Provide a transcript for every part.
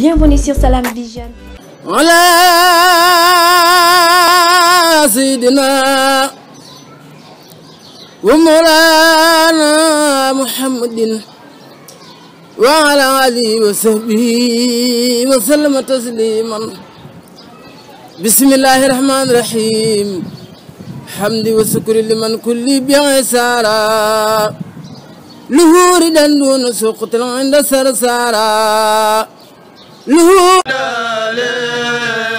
Bienvenue sur Salam Vision. Ala sayyidina wa mawlana Muhammadin wa ala alihi wa sahbihi wa sallama tasliman. Bismillahir Rahmanir Rahim. Hamdi wa sukri liman kulli bi'i sara. Luhuri dan dun suqtin inda sarsara. له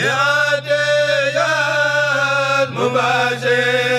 يا دي يا مباشر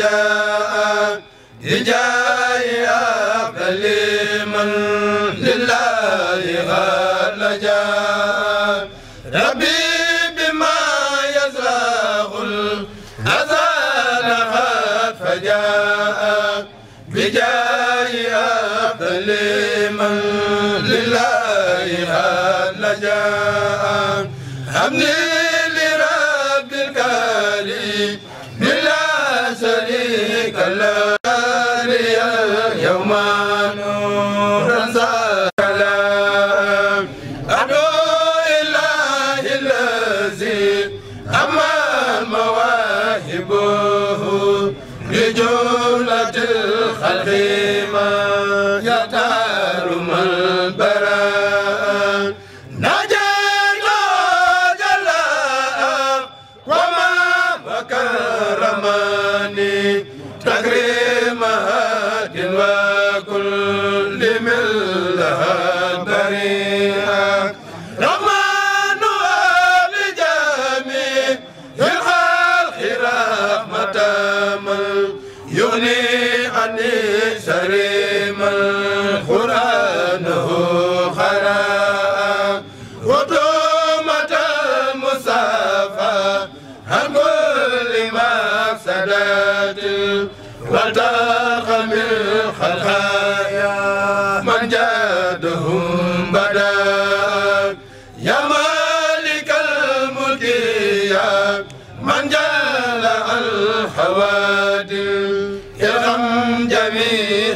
جاء لجاء أقل من لله غل جاء ربي بما يزرع الأذان قد فجاء بجاء أقل من لله غل جاء أمني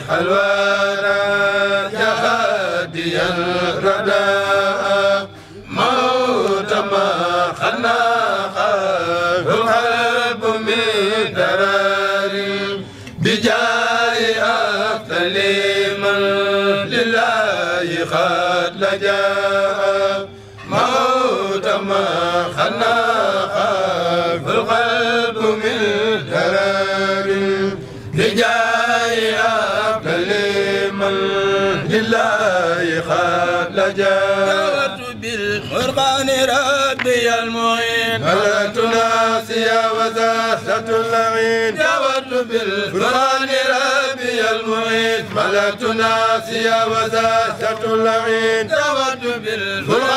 الحلوى قد لجأت بالقربان ربي المعين هلت ناسيا وزاسة اللعين دعوت بالقربان ربي المعين ملأت ناسيا وزاسة اللعين دعوت بالقربان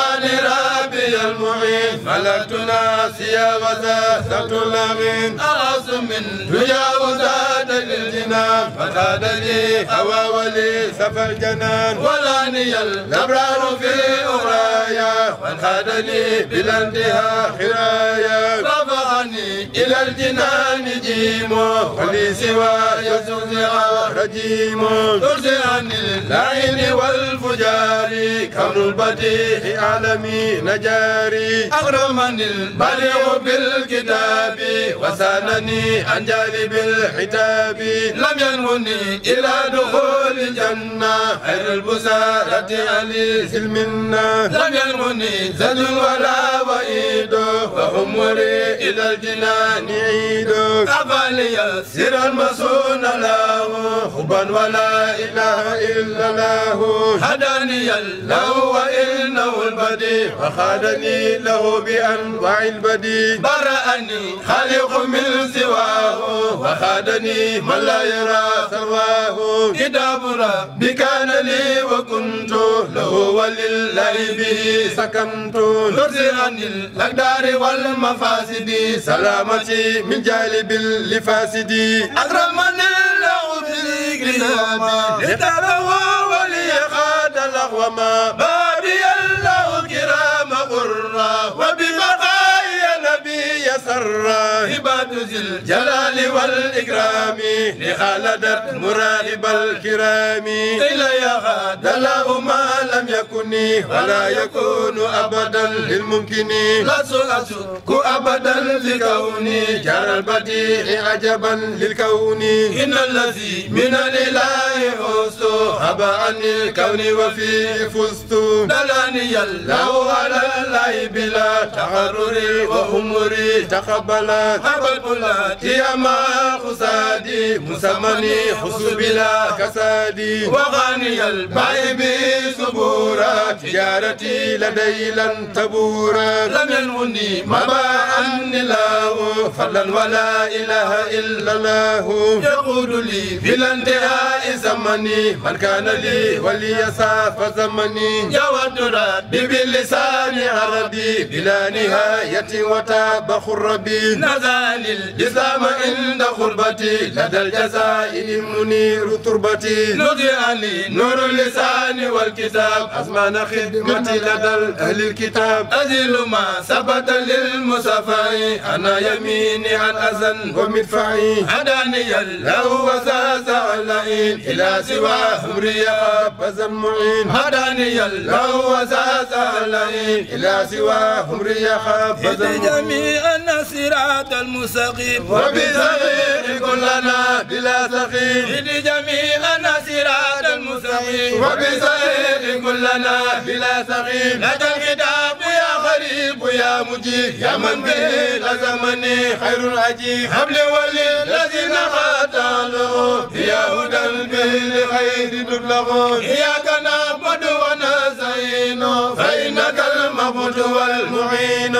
ملكتنا سيابة سبتنا من أرس من تجاوز دجل الجنان فزاد لي هوى ولي سفى الجنان ولا نيل الأبرار في أغرايا وانخاد لي بلا انتهاء خرايا رفعني إلى الجنان جيمه ولي سوى يسوع رجيمه ترجعني العين والفجار كون البديع عالمي نجاري أغرب من البديع بالكتاب وسانني عن جانب الحتاب لم ينهني إلى دخول الجنة خير البزارة علي سلمنا لم ينهني زج ولا وعيد وعمري إلى الجنان عيد أفلي سرا مسون له حبا ولا إله إلا الله هداني الله وإنه البديع وخادني له بي أنواع البديع برأني خالق من سواه وخادني من لا يرى سواه كتاب ربي كان لي وكنت له ولله به سكنت نرسي عن الأقدار والمفاسد سلامتي من جالب اللفاسد أكرمني الله بالإكرام لتروى ولي خاد الله وما الراهبات ذي الجلال والإكرام لخالدت مراهب الكرام إلى يا غاد له ما لم يكن ولا يكون أبدا للممكن لا سأشك أبدا لكوني جرى البديع عجبا للكون إن الذي من الإله حسن هبا عن الكون وفيه فزت دلاني الله على الله بلا تحرري وأمري تقرر قبلا هبلت يا ما خسادي مسمني حسبلا كسادي وغني البعيب سبورا تجارتي لدي لن تبورا لم ينوني مباء الله فضلا ولا إله إلا الله يقول لي بلا انتهاء زمني من كان لي ولي ساف زمني جاود ربي بلسان عربي بلا نهاية وتابخ الربي ربي نزال الإسلام عند خربتي لدى الجزائر منير تربتي نضي علي نور اللسان والكتاب أزمان خدمتي لدى أهل الكتاب أزل ما ثبت للمصطفى أنا يميني عن أزن ومدفعي هداني الله وساس علين إلى سوى أمري فزمعين هداني الله وساس علين إلى سوى أمري فزمعين جميع الناس صراط المستقيم وبصغير كلنا بلا سخيم اهد جميعنا صراط المستقيم وبصغير كلنا بلا سخيم لك الكتاب يا غريب يا مجيب يا من به لزمني خير العجيب هب لي وللذين خاتلوا يا هدى به لخير تبلغون اياك نعبد ونستعين فانك المعبود والمعين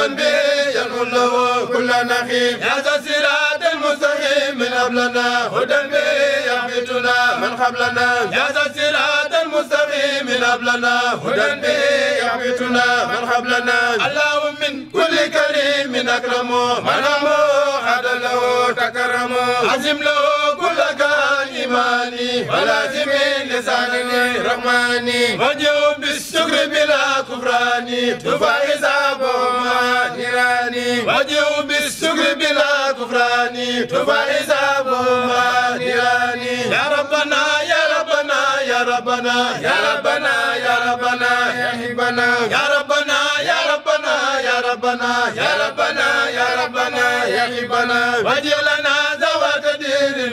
من به يدعو له كل نخيب يا ذا الصراط المستقيم من قبلنا هدى به يحبطنا من قبلنا يا ذا الصراط المستقيم من قبلنا هدى به يحبطنا من قبلنا اللهم من كل كريم أكرمه منامه هذا له تكرمه عزم له كل كرم إيماني ولازم لساني رحماني وجوب بالشكر بلا كفراني تفائز أبوما نيراني وجوب بالشكر بلا كفراني تفائز أبوما نيراني يا ربنا يا ربنا يا ربنا يا ربنا يا ربنا يا حبنا يا ربنا يا ربنا يا ربنا يا ربنا يا ربنا يا حبنا وجلنا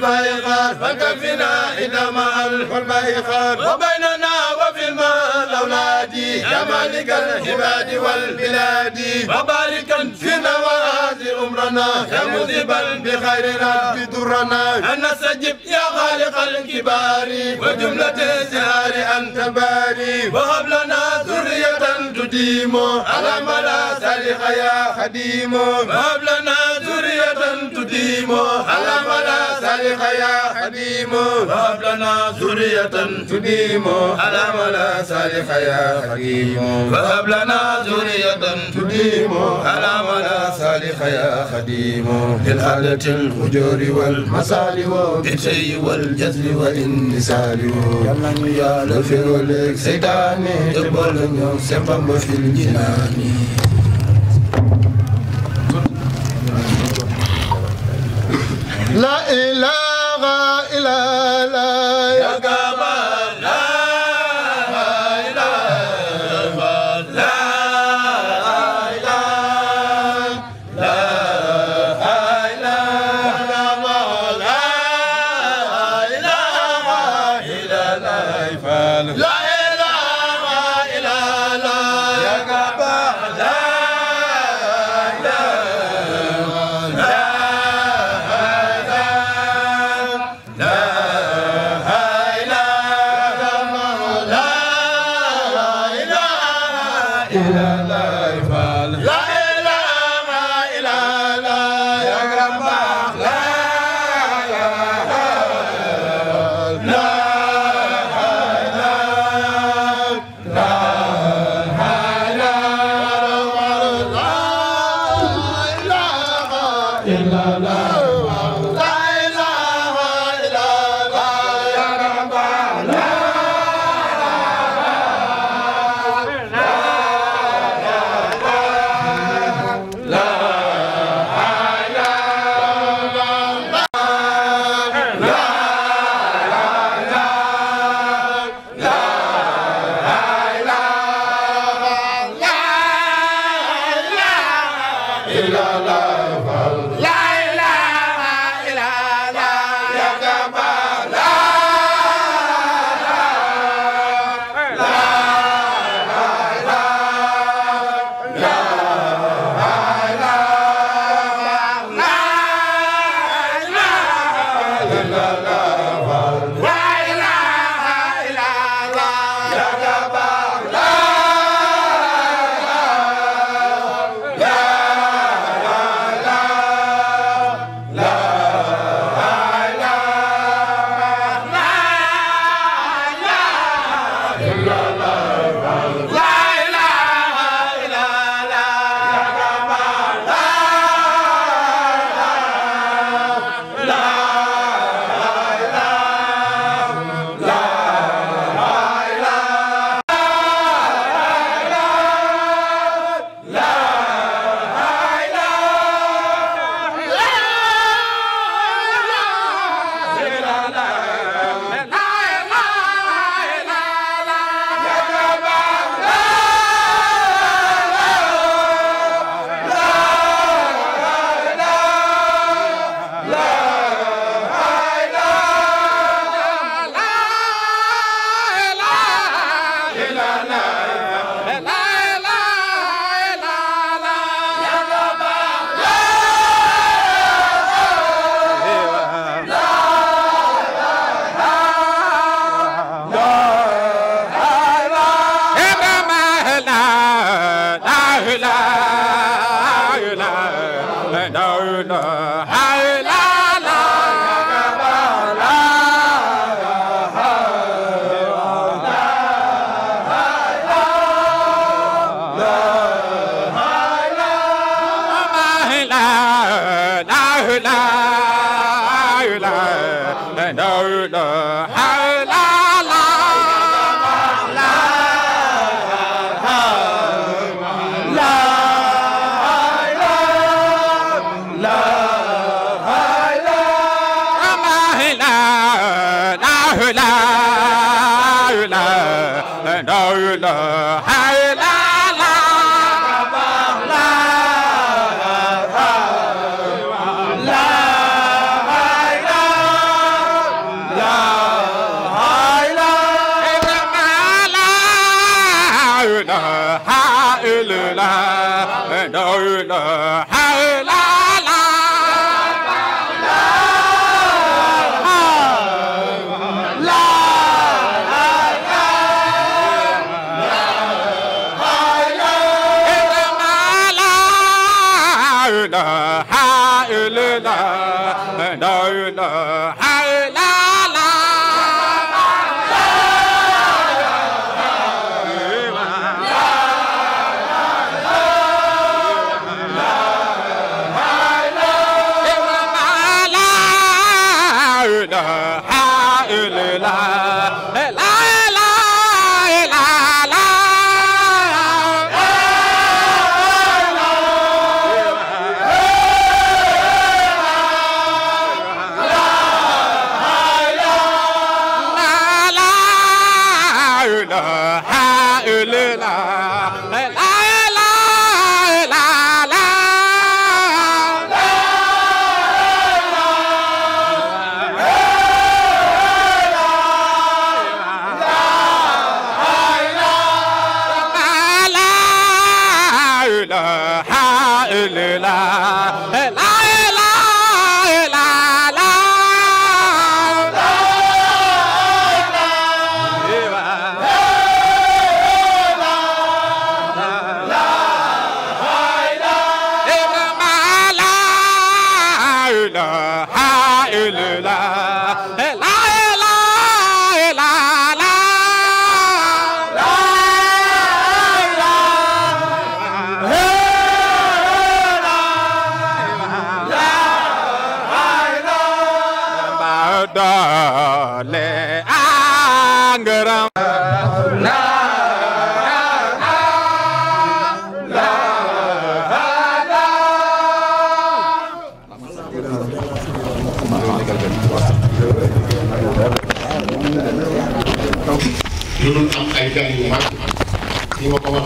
البيخان فكفنا حينما ألف البيخان وبيننا وفي المال أولادي يا مالك العباد والبلاد وباركا في نوازي أمرنا يا مذيبا بخيرنا بدرنا أن نستجب يا خالق الكبار وجملة الزهار أنت الباري وهب لنا ذرية تديم على ملا سلخ يا خديم وهب لنا فتن تديم على ملا سالخ يا خديم وهب لنا ذرية تديم على ملا سالخ يا خديم وهب لنا ذرية تديم على ملا سالخ يا خديم للعادة الأجور والمصال وبالشيء والجزل والانتصال يلا يا لفر لك سيداني تقبل يوم سبب في الجنان la ilaha illa la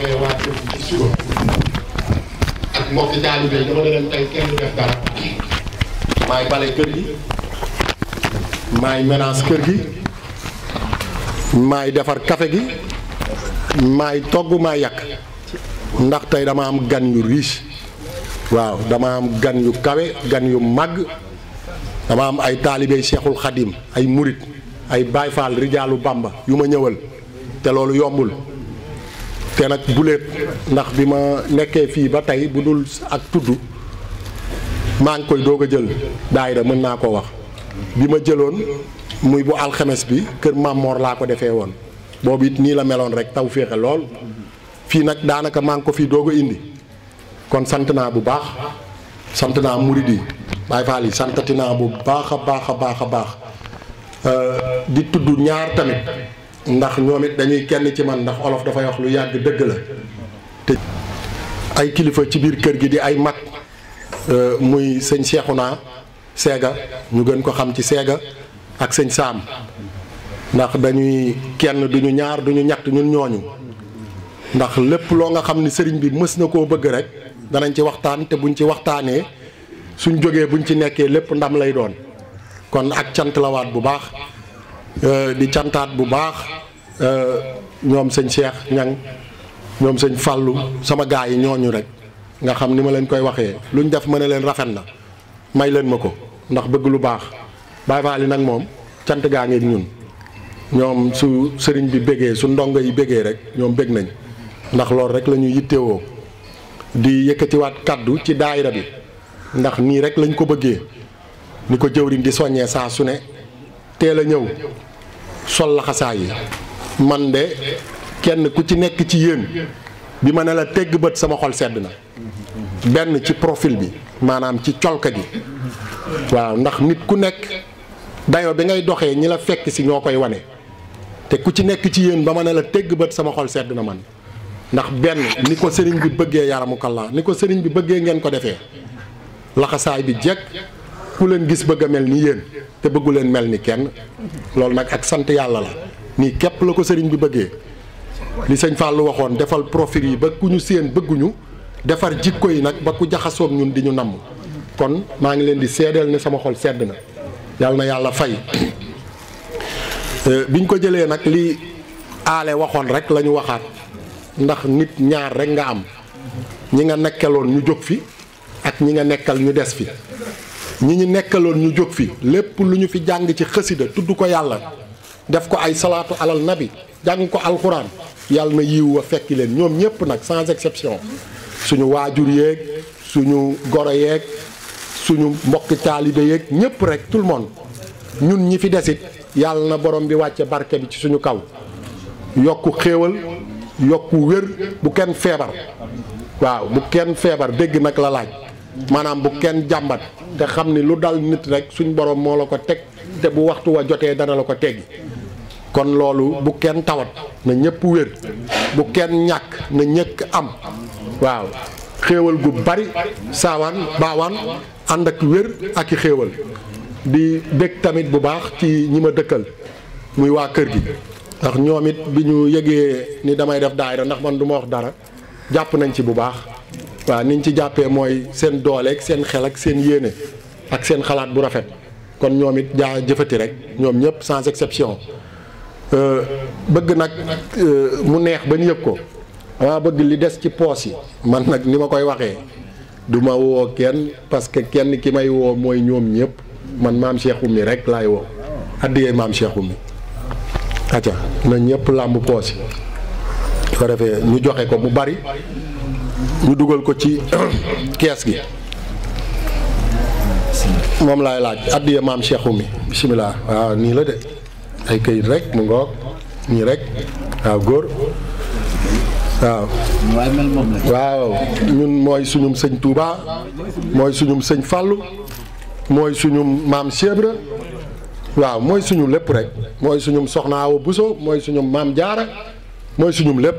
woowee waa kër gi ci maay bale kër gi maay ménage kër gi maay defar kafe gi maay togg maay yàq ndax tey dama am gan yu riche waaw dama am gan yu kawe gan yu mag dama am ay taalibey Seexul Xadim ay murit ay Baay Faal rijaalu Bamba yu ma ñëwal te loolu yombul te nag bu léet ndax bi ma nekkee fii ba tey bu dul ak tudd maa ngi koy doog a jël daayira mën naa koo wax bi ma jëloon muy bu alxames bi kër Mamor laa ko defee woon boobu it nii la meloon rek taw féexe lool fii nag daanaka maa ngi ko fii doog a indi kon sant naa bu baax sant naa murid yi Baay Faal yi santati naa bu baax a baax a baax a baax euh, di tudd ñaar tamit ndax ñoom it dañuy kenn ci man ndax olof dafay wax lu yàgg dëgg la te ay kilifa ci biir kër gi di ay mag euh, muy sëñ Seexuna Seega ñu gën ko xam ci Seega ak sëñ Saam ndax dañuy kenn duñu ñaar duñu ñett ñun ñooñu ndax lépp loo nga xam ni sëriñ bi mës na koo bëgg rek danañ ci waxtaan te buñ ci waxtaanee suñ jógee buñ ci nekkee lépp ndam lay doon kon ak cant lawaat bu baax Euh, di cantaat bu baax euh, ñoom sëñ Cheikh ñang ñoom sëñ fàllu sama gaa yi ñooñu rek nga xam ni ma leen koy waxee lu luñ def ma ne leen rafet na may leen ma ko ndax bëgg lu baax Baay Faal yi nag moom cant gaa ngi ñun ñoom su sëriñ bi bégee su ndongo yi béggee rek ñoom bégg nañ ndax loolu rek la ñu yittewoo di yëkkatiwaat kàddu ci daayira bi ndax nii rek lañ ko bëggee ni ko jëwriñ di soññee saa su ne teel a ñëw sol laxasaay yi man de kenn ku ci nekk ci yéen bi ma ne la tegg bët sama xol sedd na benn ci profil bi maanaam ci colka gi waaw ndax nit ku nekk dayoo bi ngay doxee ñi la fekk si ñoo koy wane te ku ci nekk ci yéen ba ma ne la tegg bët sama xol sedd na man ndax benn ni ko sëriñ bi bëggee yaramu kallaa ni ko sëriñ bi bëggee ngeen ko defee laxasaay bi jekk ku leen gis bëgg a mel ni yéen te bëggu leen mel ni kenn loolu nag ak sant yàlla la nii képp la ko sëriñ bi bëggee li sëñ Fallou waxoon defal profil yi ba ku ñu séen bëgguñu defar jikko yi nag ba ku jaxasoog ñun di ñu namm kon maa ngi leen di seedeel ne sama xol sedd na yàlla na yàlla fay euh, biñ ko jëlee nag li aale waxoon rek la ñu waxaat ndax nit ñaar rek nga am ñi nga nekkeloon ñu jóg fi ak ñi nga nekkal ñu des fi ñi ñu nekkaloon ñu jóg fi lépp lu ñu fi jàng ci xësida tudd ko yàlla def ko ay salaatu alal nabi jàng ko alxuraan yàlla na yiw wa fekki leen ñoom ñëpp nag sans exception suñu waajur yéeg suñu goro yeeg suñu mbokk taalibe yeeg ñëpp rek tout le monde ñun ñi fi desit yàlla na borom bi wàcce barke bi ci suñu kaw yokk xéewal yokk wér bu kenn feebar waaw bu kenn feebar dégg nag la laaj maanaam bu kenn jàmbat te xam ni lu dal nit rek suñ borom moo la ko teg te bu waxtu wa jotee dana la ko teggi kon loolu bu kenn tawat na ñëpp wér bu kenn ñàkk na ñëkk am waaw xéewal gu bari saawaan baawaan ànd ak wér ak i xéewal di bég tamit bu baax ci ñi ma dëkkal muy waa kër gi ndax ñoom it bi ñu yëgee ni damay def daayira ndax man du ma wax dara jàpp nañ ci bu baax waa niñ ci jàppee mooy seen doole ak seen xel ak seen yéene ak seen xalaat bu rafet kon ñoom it jaa jëfati rek ñoom ñëpp sans exception euh, bëgg nag euh, mu neex ba ñu yëg ko dama bëgg li des ci poos yi man nag ni ma koy waxee duma woo kenn parce que kenn ki may woo mooy ñoom ñëpp man maam Cheikh Oumy rek laay woo addiyee maam Cheikh Oumy aca na ñëpp làmb poos yi ko defee ñu joxe ko mu bari ñu dugal ko ci kees gi moom laay laaj addiya maam Cheikhou mi bisimilah waaw nii la de ay këyit rek mu ngoog nii rek waaw góor waaw. waaw ñun mooy suñum sëñ Touba mooy suñum sëñ Fallou mooy suñum maam Chebra waaw mooy suñu lépp rek mooy suñum Soxna Awa mooy suñum maam Jaara mooy suñum lépp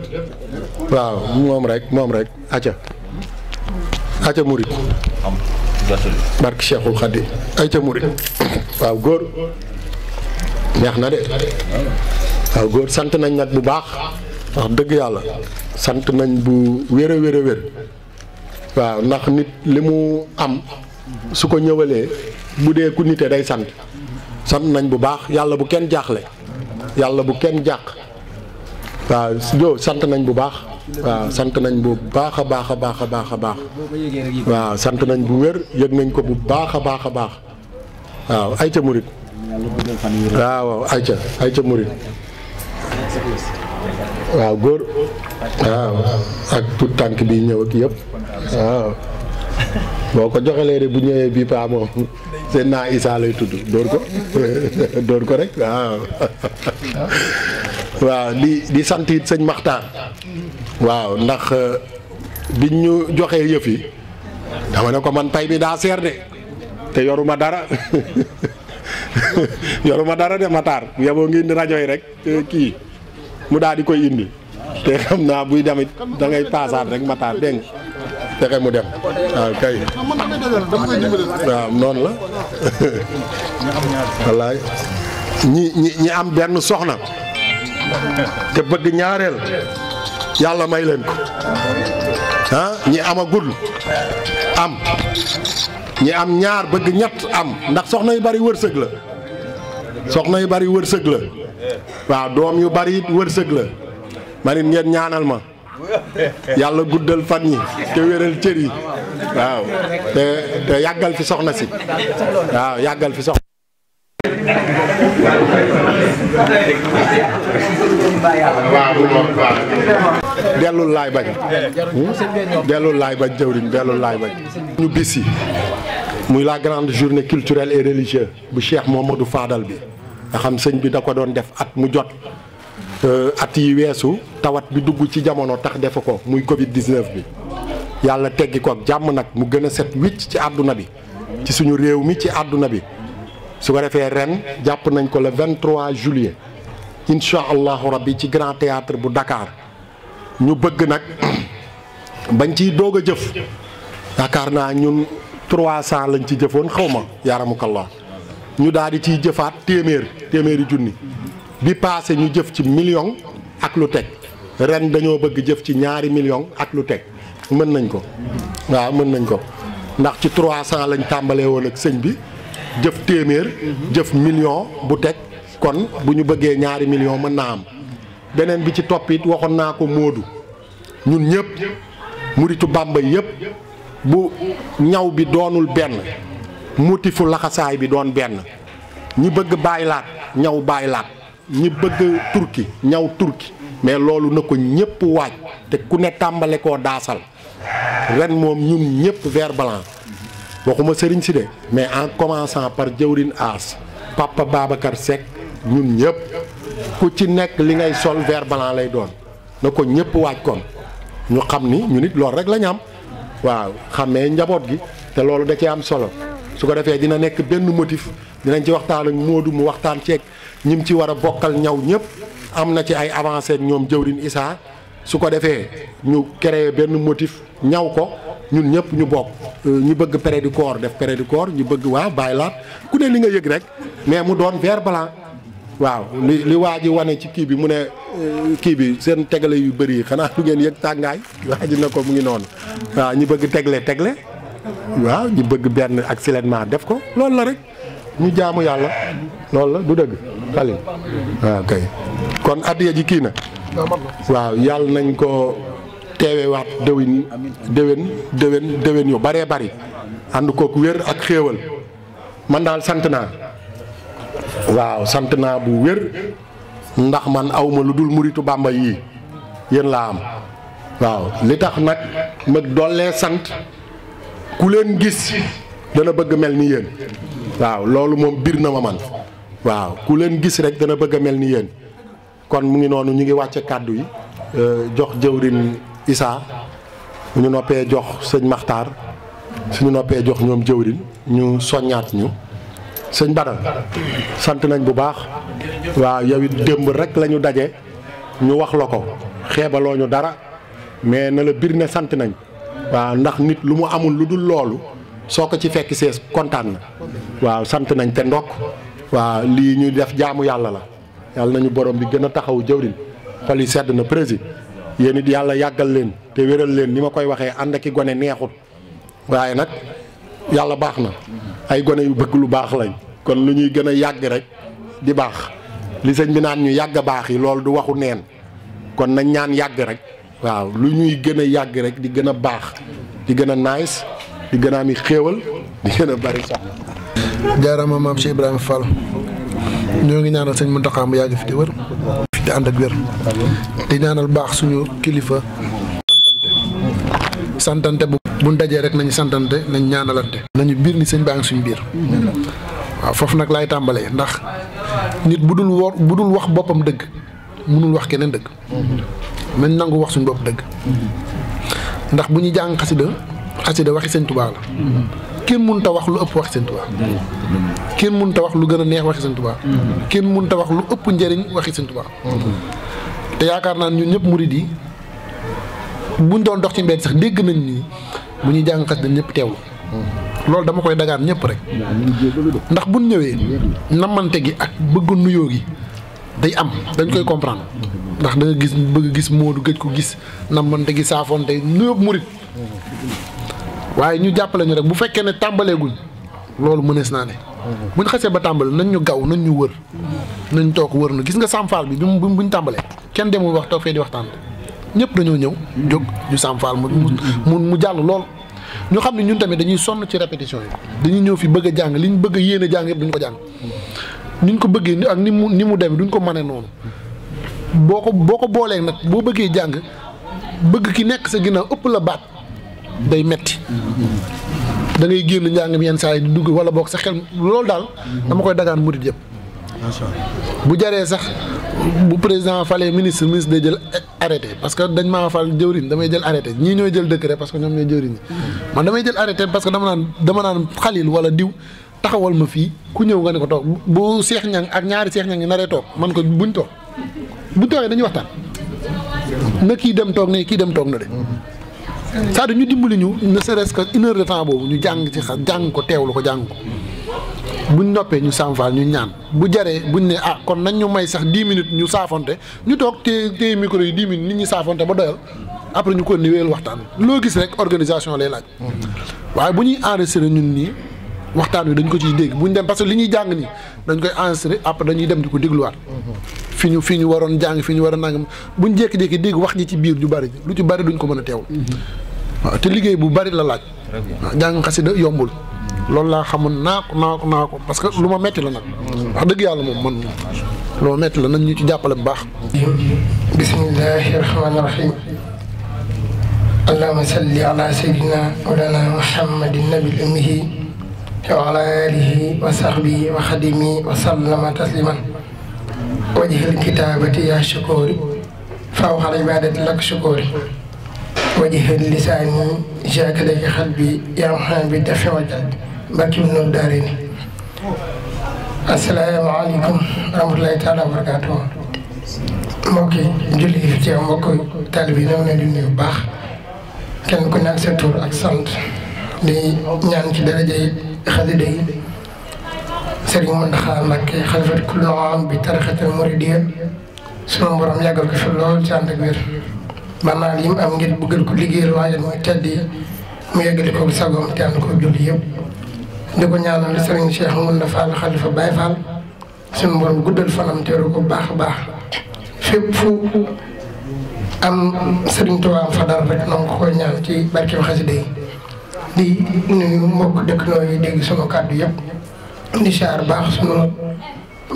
waaw moom rek moom rek acca acca murit barke Cheikhul Xaddi acca murit waaw góor neex na de waaw góor sant nañ nag bu baax wax dëgg yàlla sant nañ bu wér a wér waaw ndax nit li mu am su ko ñëwalee bu dee ku nite day sant sant nañ bu baax yàlla bu kenn jaaxle yàlla bu kenn jàq waaw yow sant nañ bu baax. waaw sant nañ bu baax a baax a baax a baax a baax. waaw sant nañ bu wér yëg nañ ko bu baax a baax a baax waaw ay murit. waaw ayca ayca murit. waaw góor waaw ak tout tànk bi ñëw ak yëpp waaw boo ko joxelee de bu ñëwee bii paa seen naa Issa lay tudd dóor ko dóor ko rek waaw ah. waaw di di sant it sëñ Maxtaar waaw ndax euh, biñ ñu joxee yëf yi dama ne ko man pay bi daa seer de te yoruma dara yoruma dara de Maxtaar yaboo ngi indi rajo yi rek kii mu daal di koy indi te xam naa buy demit da paasaat rek Maxtaar dégg fexe mu dem waaw kay waaw noonu la wallaay ñi ñi am benn soxna te bëgg ñaareel yàlla may leen ko ah ñi amagul am ñi am ñaar bëgg ñett am ndax soxna yu bari wërsëg la soxna yu bari wërsëg la waaw doom yu bari it wërsëg la ma nit ngeen ñaanal ma yàlla guddal fan yi te wéral cër yi waaw te te yàggal fi soxna si waaw yàggal fi soxna dellul laay bañ hmm? dellul laay ba jëwriñ dellul laay bañ ñu bis yi muy la grande journée culturelle et religieuse bu Cheikh Momadou Fadal bi nga sëñ bi da ko doon def at mu jot Euh, at yi weesu tawat bi dugg ci jamono tax defe ko muy Covid 19 bi yàlla teggi ko jàmm nag mu gën a set wicc ci àdduna bi ci suñu réew mi ci àdduna bi su ko defee ren jàpp nañ ko le 23 juillet incha allahu rabbi ci grand théâtre bu dakaar ñu bëgg nag bañ ciy doog a jëf yaakaar naa ñun 300 lañ ci jëfoon xaw ma yaaramukallah ñu daal di ciy jëfaat téeméer téeméeri junni. bi paase ñu jëf ci million ak lu teg ren dañoo bëgg jëf ci ñaari million ak lu teg mën nañ ko waaw mën nañ ko ndax ci 300 lañ tàmbalee woon ak sëñ bi jëf téeméer jëf million bu teg kon bu ñu bëggee ñaari million mën naa am beneen bi ci toppit waxoon naa ko Moodu ñun ñëpp muritu Bàmba yëpp bu ñaw bi doonul benn motifu laxasaay bi doon benn ñi bëgg bàyyilaat ñaw bàyyilaat ñi bëgg turki ñaw turki mais loolu na ko ñëpp waaj te ku ne tàmbale koo daasal ren moom ñun ñëpp vert blanc waxuma sëriñ si de mais en commençant par jëwrin aas papa Babacar Seck ñun ñëpp ku ci nekk li ngay sol vert blanc lay doon na ko ñëpp waaj kon ñu xam ni ñu nit loolu rek la ñu am waaw xamee njaboot gi te loolu da ci am solo su ko defee dina nekk benn motif dinañ ci waxtaan ak Modou mu waxtaan ceeg ñim ci war a bokkal ñaw ñëpp am na ci ay avancé ñoom jëwrin Issa su ko defee ñu créé benn motif ñaw ko ñun ñëpp ñu bokk euh, ñu bëgg près du corps def près du corps ñu bëgg waa bàyyi laat ku ne li nga yëg rek mais mu doon vert blanc waaw li li waa ji wane ci kii bi mu ne euh, kii bi seen tegale yu bëri xanaa du ngeen yëg tàngaay waa ji na ko mu ngi noonu waaw ñu bëgg tegle tegle waaw ñu bëgg benn ak silenement def ko loolu la rek ñu jaamu yàlla loolu la du dëgg xalil waaw ah, kay kon addiya ji kii na waaw yàlla nañ ko teewewaat déwén déwén déwén déwén yu baree bari ànd kook wér ak xéewal man daal sant naa waaw sant naa bu wér ndax man awma lu dul muritu bàmba yii yéen laa am waaw li tax nag mag dollee sant ku leen gis dana bëgg mel ni yéen waaw loolu moom bir na ma man waaw ku leen gis rek dana bëgg a mel ni yéen kon mu ngi noonu ñu ngi wàcce kàddu yi euh, jox jëwrin Issa ñu noppee jox sëñ maxtar suñu noppee jox ñoom jëwrin ñu soññaat ñu sëñ Badal sant nañ bu baax waaw yow it démb rek la ñu daje ñu wax la ko xeebaloo ñu dara mais na la bir ne sant nañ waaw ndax nit lu mu amul lu dul loolu soo ko ci fekk sees kontaan na waaw sant nañ te ndokk waaw lii ñu def jaamu yàlla la yàlla nañu borom bi gën a taxaw jëwriñ xol yi sedd na prési yéen it yàlla yàggal leen te wéral leen ni ma koy waxee ànd ak i gone neexut waaye nag yàlla baax na ay gone yu bëgg lu baax lañ kon lu ñuy gën a yàgg rek di baax li sëñ bi naan ñu yàgg baax yi loolu du waxu neen kon nañ ñaan yàgg rek waaw lu ñuy gën a yàgg rek di gën a baax di gën a nice di gën a ami xéewal di gën a bari sax. jaaraama maam Cheikh Ibrahima Fall ñoo ngi ñaanal sëñ Mountakha mu yàgg fi di wër fi di ànd ak wér di ñaanal baax suñu kilifa. santante bu buñ dajee rek nañu santante nañ ñaanalante nañu biir ni sëñ baa ngi suñu biir waaw foofu nag lay tàmbalee ndax nit bu dul wor bu dul wax boppam dëgg mënul wax keneen dëgg nañ nangu wax suñu bopp dëgg ndax bu ñu jàng xasida xasida waxi sëñ Tuubaa la kenn mënut a wax lu ëpp waxi sëñ Tuubaa kenn mënut a wax lu gën a neex waxi sëñ Tuubaa kenn mënut wax lu ëpp njëriñ waxi sëñ Tuubaa te yaakaar naa ñun ñëpp murid yi buñ doon dox ci mbedd sax dégg nañ nii bu ñuy jàng xasida ñëpp teewlu loolu dama koy dagaan ñëpp rek ndax buñ ñëwee namante gi ak bëgg nuyoo gi day am dañ koy comprendre ndax da gis bëgg gis Moodu gëj ko gis namante gi saafonte nuyoo murid waaye ñu jàppale ñu rek bu fekkee ne tàmbaleeguñ loolu mënees naa ne. buñ xasee ba tàmbale nañ ñu gaw nañ ñu wër. nañ toog wër na gis nga samfaal bi bi mu buñ tàmbalee kenn demul wax fee di waxtaan ñëpp dañoo ñëw. jóg ñu samfaal mu mu mu jàll lool. ñu xam ne ñun tamit dañuy sonn ci répétition yi. dañu ñëw fi bëgg a jàng liñ bëgg a yéene jàng yëpp duñ ko jàng. niñ ko bëggee ak ni mu ni mu demee duñ ko mënee noonu. boo ko boo ko boolee nag boo bëggee jàng bëgg ki nekk sa ginnaaw ëpp la baat. day metti da ngay génn njàng mi yenn saa yi dugg wala boog sa xel loolu daal dama koy dagaan murit yëpp bu jaree sax bu président falee ministre ministre day jël arrêté parce que dañ maa fal jëwriñ damay jël arrêté ñii ñooy jël décret parce que ñoom ñooy jëwriñ man damay jël arrêté parce que dama naan dama naan xalil wala diw taxawal ma fii ku ñëw nga ne ko toog bu seex ñan ak ñaari seex ñang yi naree toog man ko buñ toog buñ toogee dañuy waxtaan na kii dem toog ne kii dem toog na de c'est-à-dire ñu dimbali ñu ne serait-ce que de temps boobu ñu jàng ci xa jàng ko teewlu ko jàng ko bu buñ noppee ñu sanfal ñu ñaan bu jaree bu buñ ne ah kon nañ ñu may sax dix minutes ñu saafonte ñu toog te téye micro yi dix minutes nit ñi saafonte ba doyal après ñu ko ni wéyal waxtaan loo gis rek organisation lay laaj. waaye bu ñuy enregistré ñun nii waxtaan wi dañ ko ciy dégg buñ dem parce que li ñuy jàng nii dañ koy enregistré après dañuy dem di ko dégluwaat. fi ñu fi ñu waroon jàng fi ñu waroon nangam buñ jékki-jékki dégg wax ji ci biir ju bari lu ci bari duñ ko mën a teewul. waaw te liggéey bu bari la laaj. Ah, jàng xasida yombul. loolu laa xamul naa ko naa ko naa ko parce que lu ma metti la nag. wax dëgg yàlla moom man lu ma metti la nañ ñu ci jàppale bu baax. bismillahi rahmaani rahim. allahumma salli ala sayyidina mawlana muhammadin nabil ummihi wa ala alihi wa sahbihi wa xadimi wa tasliman wajhil kitaabati yaa shukoori fa waxal ibaadati lak shukoori wajihal lisaani jaakalaki xal bi yaam xam bi dafe wajal mbàkki bi noonu daare ni asalaamaaleykum rahmatulahi taala wa barakaatu mbokk yi julli fi teew mbokk taalibe yi ñoo ngi leen di nuyu bu baax kenn ku nekk sa ak sant di ñaan ci daraja yi xasida yi Sëriñ Mountakha Mbacké xalifat kullu am bi tarixatal muridiyya sunu borom yàggal ko fi lool ci ànd ak wér man naa lim am ngir bëggal ko liggéeyal waaye mooy tedd yi mu yeggale ko sagoom te ànd ko julli yëpp di ko ñaanal sëriñ Cheikh mun na Fall xalifa Baye Fall suñu borom baax a baax fépp fu am sëriñ Tuubaa fa dara rek na nga ko ñaan ci barke xasida yi di nuyu mbokk dëkk nooyu dégg sunu kàddu yëpp di siyaar baax sunu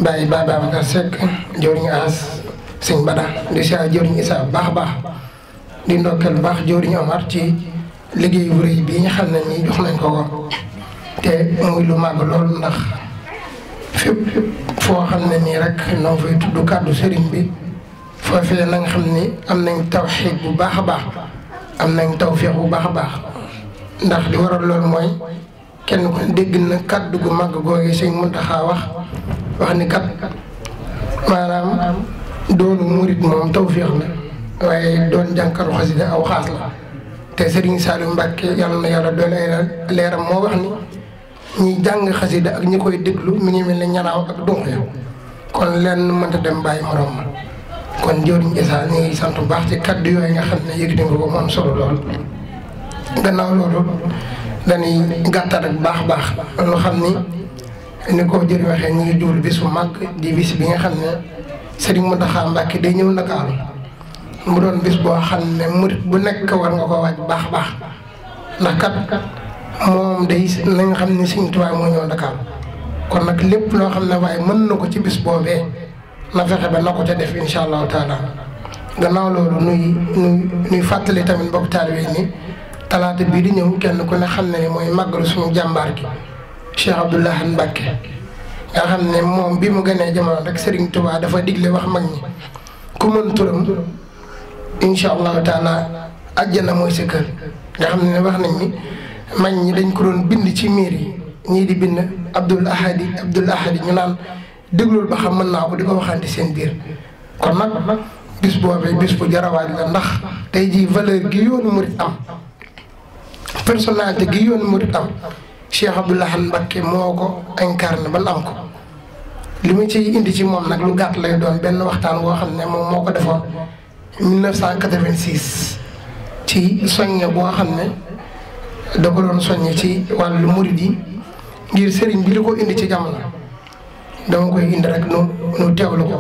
bàyyi Babacar Seck jëwriñ As sëñ baax a baax di ndokkeel bu baax jëwriñu Omar ci liggéey bu rëy bii nga xam ne nii jox nañ ko ko te muy lu màgg lool ndax fépp foo xam ne nii rek noo fay tudd kàddu sëriñ bi foofee na nga xam ni am nañ tawxiid bu baax a baax am nañu nañ tawfiix bu baax a baax ndax di waral lool mooy kenn dégg na kàddu gu màgg googu sëñ Muntaxa wax wax ni kat maanaam doonu murit moom tawfiix la waaye doon jànkaru xasida aw xaas la te sëriñ Saliou Mbacke yàlla na yàlla doon ay leeram moo wax ni ñuy jàng xasida ak ñi koy déglu mi ngi mel ne ñanaaw ak dunq kon lenn mënta dem bàyyi morom ma kon jëwriñ Issa ñu ngi sant bu baax ci kaddu yooyu nga xam ne yëkkati nga ko mu solo lool gannaaw loolu dañuy gàttal ak baax baax lu xam ni ni ko jëriñ waxee ñu ngi jublu bis bu mag di bis bi nga xam ne Serigne Mountakha Mbacke day ñëw Ndakaaru mu doon bis boo xam ne murit bu nekk war nga ko waaj baax baax ndax kat moom day na xam ne Sëñ Tuubaa moo ñëw Ndakaaru kon nag lépp loo xam ne waaye mën na ko ci bis boobee na fexe ba na ko ca def incha allahu taala gannaaw loolu nuy nuy fàttali tamit mbokk taalibe yi nii talaata bii di ñëw kenn ku ne xam ne ni mooy màggalu suñu jàmbaar gi Cheikh Abdoulaye Mbacke nga xam ne moom bi mu gënee jamono rek Serigne tubaa dafa digle wax mag ñi ku mën turam incha allahu taala àjjana mooy sa kër nga xam ne wax nañ ni mañ ñi dañ ko doon bind ci miir yi ñii di bind Abdul Ahadi Abdul Ahadi ñu naan déglul ba xam mën naa ko di ko waxante seen biir kon nag bis boobee gis bu jarawaaj la ndax tey jii valeur gi yoonu murit am personnalité gi yoonu murit am Cheikh Abdou Lahad Mbacké moo ko incarné ba am ko li mu ci indi ci moom nag lu gàtt lay doon benn waxtaan woo xam ne moom moo ko defoon 1986 ci soññe boo xam ne da ko doon soññe ci wàllu murid yi ngir sëriñ bi li ko indi ci jamono dama koy indi rek nu nu teewlu ko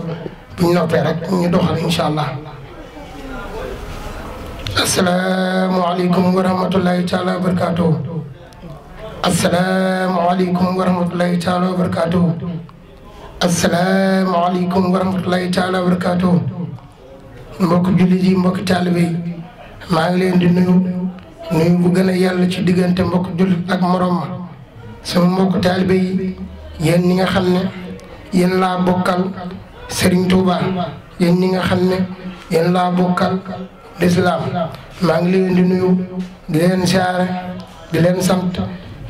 bu ñu noppee rek ñu doxal incha allah. asalaamaaleykum wa rahmatulahi taala wa barakaatu. asalaamaaleykum wa rahmatulahi taala wa barakaatu. asalaamaaleykum wa mbokk jullit yi mbokk taalibe maa ngi leen di nuyu nuyu bu gën a yàlla ci diggante mbokk jullit ak morom ma sama mbokk taalibe yi yéen nga xam ne yéen laa bokkal sëriñ Touba yéen ñi nga xam ne yéen laa bokkal lislaam maa ngi leen di nuyu di leen siyaare di leen sant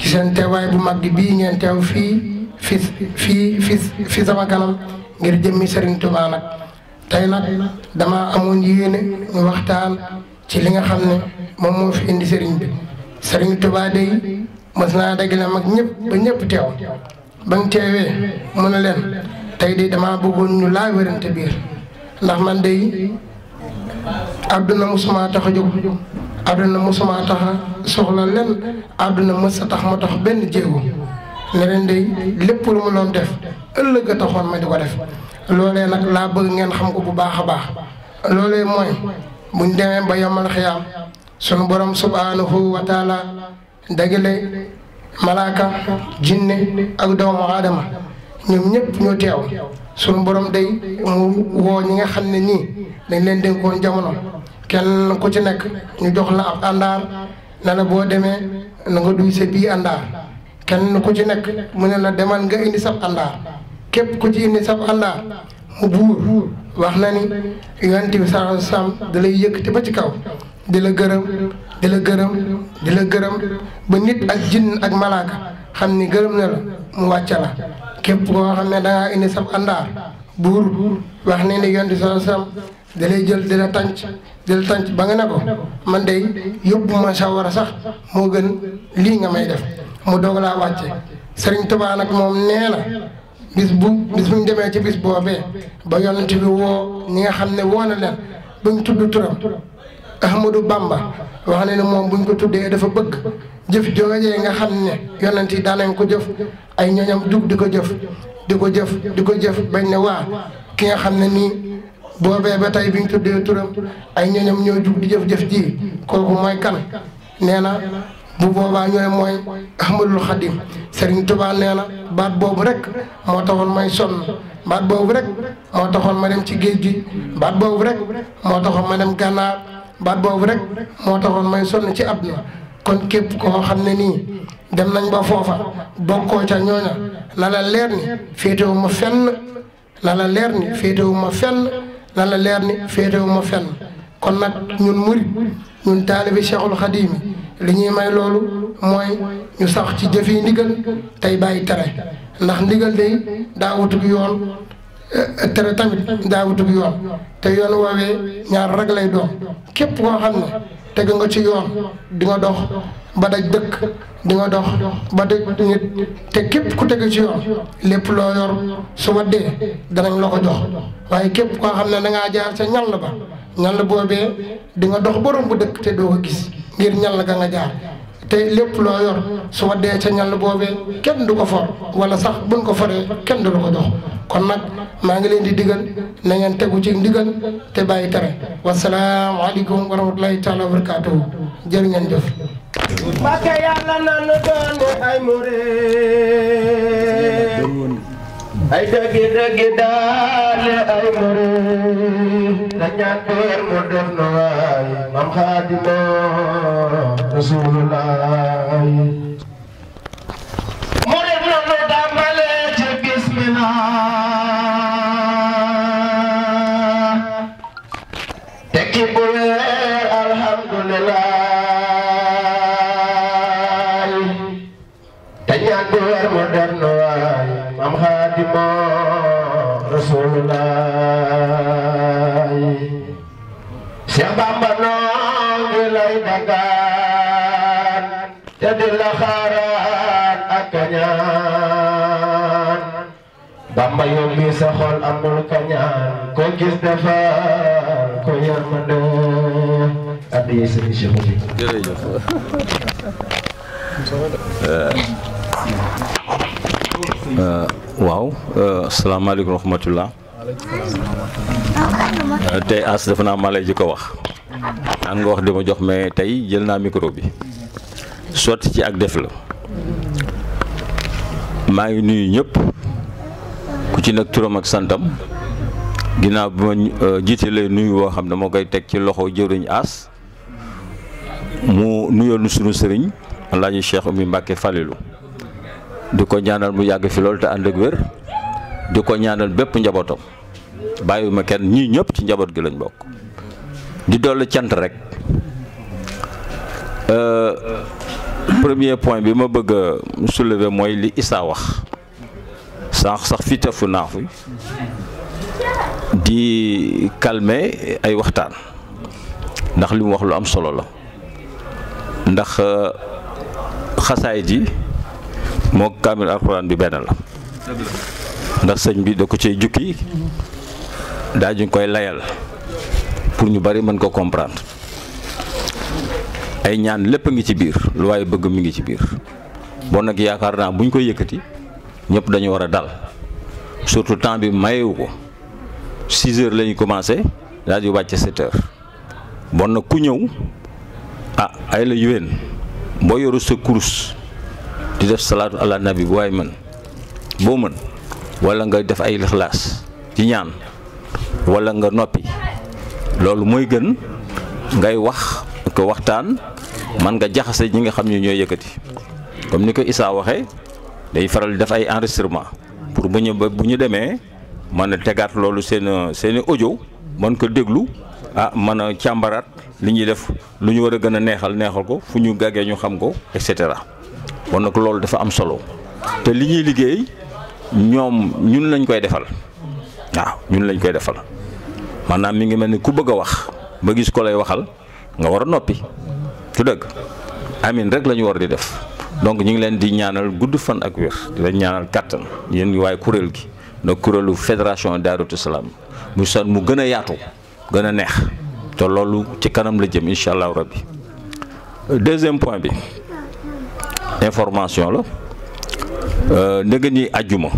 ci seen teewaay bu mag bi ngeen teew fii fii fii fii sama kanam ngir jëmmi Serigne Touba nag. tey nag damaa amoon yéene ñu waxtaan ci li nga xam ne moom moo fi indi sëriñ bi sëriñ Tuubaa day mës naa dagg dagale mag ñëpp ba ñëpp teew ba nga teewee mu ne leen tey de damaa bëggoon ñu laa wérante biir ndax man day àdduna mosuma tax a jóg àdduna mosuma tax a soxla leen àdduna mës a tax ma tax benn jéego ne leen day lépp lu mu doon def ëllëg a taxoon ma di ko def loolee nag laa bëgg ngeen xam ko bu baax a baax loole mooy buñ demee ba yomal xiyaam sunu borom subhaanahu wa taala dagale malaaka jinne ak doomu aadama ñoom ñëpp ñoo teew sunu borom day mu woo ñi nga xam ne nii dañ leen dénkoon jamono kenn ku ci nekk ñu jox la ab àndaar ne la boo demee na nga duy sa bii àndaar kenn ku ci nekk mu ne la demal nga indi sab àndaar képp ku ci indi sab allah mu buur wax na ni yonent bi saa sam da lay yëkkati ba ci kaw di la gërëm di la gërëm di la gërëm ba nit ak jinn ak malaaka xam ni gërëm na la mu wàcce la képp koo xam ne dangaa indi sab àndaar buur wax na ni yonent bi sam da jël di la tànc di tànc ba nga ne ko man day yóbbu ma sawara sax moo gën lii nga may def mu doog laa wàcce sëriñ Tuubaa moom nee na bis bu bis bu ñu demee ci bis boobee ba yonent bi woo ni nga xam ne woo na leen buñ tudd turam Ahmadou Bamba wax ne ne moom buñ ko tuddee dafa bëgg jëf joojee nga xam ne yonent yi daanañ ko jëf ay ñoñam dug di ko jëf di ko jëf di ko jëf bañ ne waa ki nga xam ne nii boobee ba tey biñ tuddee turam ay ñoñam ñoo dug di jëf-jëf ji kooku mooy kan nee na bu boobaa ñooy mooy Ahmadul Xadim Serigne Touba nee na baat boobu rek moo taxoon may sonn baat boobu rek moo taxoon ma dem ci géej gi baat boobu rek moo taxoon ma dem gànnaar baat boobu rek moo taxoon may sonn ci ab àdduna kon képp koo xam ne nii dem nañ ba foofa bokkoo ca ñooña na la leer ni féetewu ma fenn na la leer ni féetewu ma fenn na la leer ni féetewu ma kon nag ñun murit ñun taalibi Cheikhul Xadim li ñuy may loolu mooy ñu sax ci jëf yi ndigal tey bàyyi tere ndax ndigal day daawutug yoon eh, tere tamit daawutug yoon te yoon woowee ñaar rek lay doon képp koo xam ne teg nga ci yoon di nga dox ba daj dëkk di nga dox ba daj nit te képp ku teg ci yoon lépp loo yor su ma danañ la ko jox waaye képp koo xam ne da ngaa jaar ca ñàll ba ñàll boobee di nga dox borom bu dëkk te doo ko gis. ngir ñal gaa nga jaar te lépp loo yor su waddee ca ñal boobee kenn du ko for wala sax buñ ko foree kenn du la ko jox kon nag maa ngi leen di digal na ngeen tegu ci ndigal te bàyyi tere wasalaamu aleykum wa rahmatullahi taala wa barakaatuhu jërë ngeen jëf. Mbàkke yàlla na nu doon ay murid ay dëgg dëgg daal ay murid na ñaan beer mu def na waay mam mu def na mu alhamdulillah ay bagaan te di la xaaraan ak kañaan bamba yóbbi sa xol amul kañaan ko gis defar ko yërmande addiye sëñ Cheikh bi jërëjëf eh, waaw eh, asalaamaaleykum wa rahmatullah eh, tey as dafa naa ma lay ji ko wax am nga wax di ma jox mais tey jël naa micro bi sotti ci ak def la maa ngi nuyu ñëpp ku ci nag turam ak santam ginnaaw bi ma euh, jiite lay nuyu woo xam ne moo koy teg ci loxo jëriñ aas mu nuyoonu sunu sëriñ alaaji Cheikh Oumy Mbacke Falilou di ko ñaanal mu yàgg fi loolu te ànd ak wér di ko ñaanal bépp njabootam bàyyiwuma kenn ñii ñëpp ci njaboot gi lañ bokk di dolli cant rek euh, premier point bi ma bëgg a mooy li Issa wax sànq sax fi tafu naafu di calmer ay waxtaan ndax li mu wax lu am solo la ndax euh, xasaay di moo kaamil alxuraan bi benn la ndax sëñ bi da ko cay jukki daa ñu koy layal pour ñu bari mën ko comprendre ay ñaan lépp a ngi ci biir lu waaye bëgg mu ngi ci biir bon nag yaakaar naa bu ñu koy yëkkati ñëpp dañu war a dal surtout temps bi mayewu ko 6 heures la ñu commencé daal di wàcc 7 bon nag ku ñëw ah ay la yuween boo yoru sa kurus di def salaatu ala nabi bu waay mën boo mën walla nga def ay lixlaas ci ñaan wala nga noppi loolu mooy gën ngay wax ko waxtaan man nga jaxase ñi nga xam ne ñooy yëkkati comme ni ko Issa waxee day faral di def ay enregistrement pour bu ñu ba bu ñu demee mën a tegaat loolu seen seen audio mën ko déglu ah mën a càmbaraat li ñuy def lu ñu war a gën a neexal neexal ko fu ñu gàggee ñu xam ko et cetera kon nag loolu dafa am solo te li ñuy liggéey ñoom ñun lañ koy defal waaw ñun lañ koy defal. maanaam mi ngi mel ni ku bëgg a wax ba gis ko lay waxal nga war a noppi tu dëgg amin rek la ñu war di def donc ñu ngi leen di ñaanal gudd fan ak wér di leen ñaanal kàttan yéen waaye kuréel gi nag kuréelu fédération Daaratu Salaam mu son mu gën a yaatu gën a neex te loolu ci kanam la jëm incha allahu rabbi deuxième point bi information la euh, ndege ñi àjjuma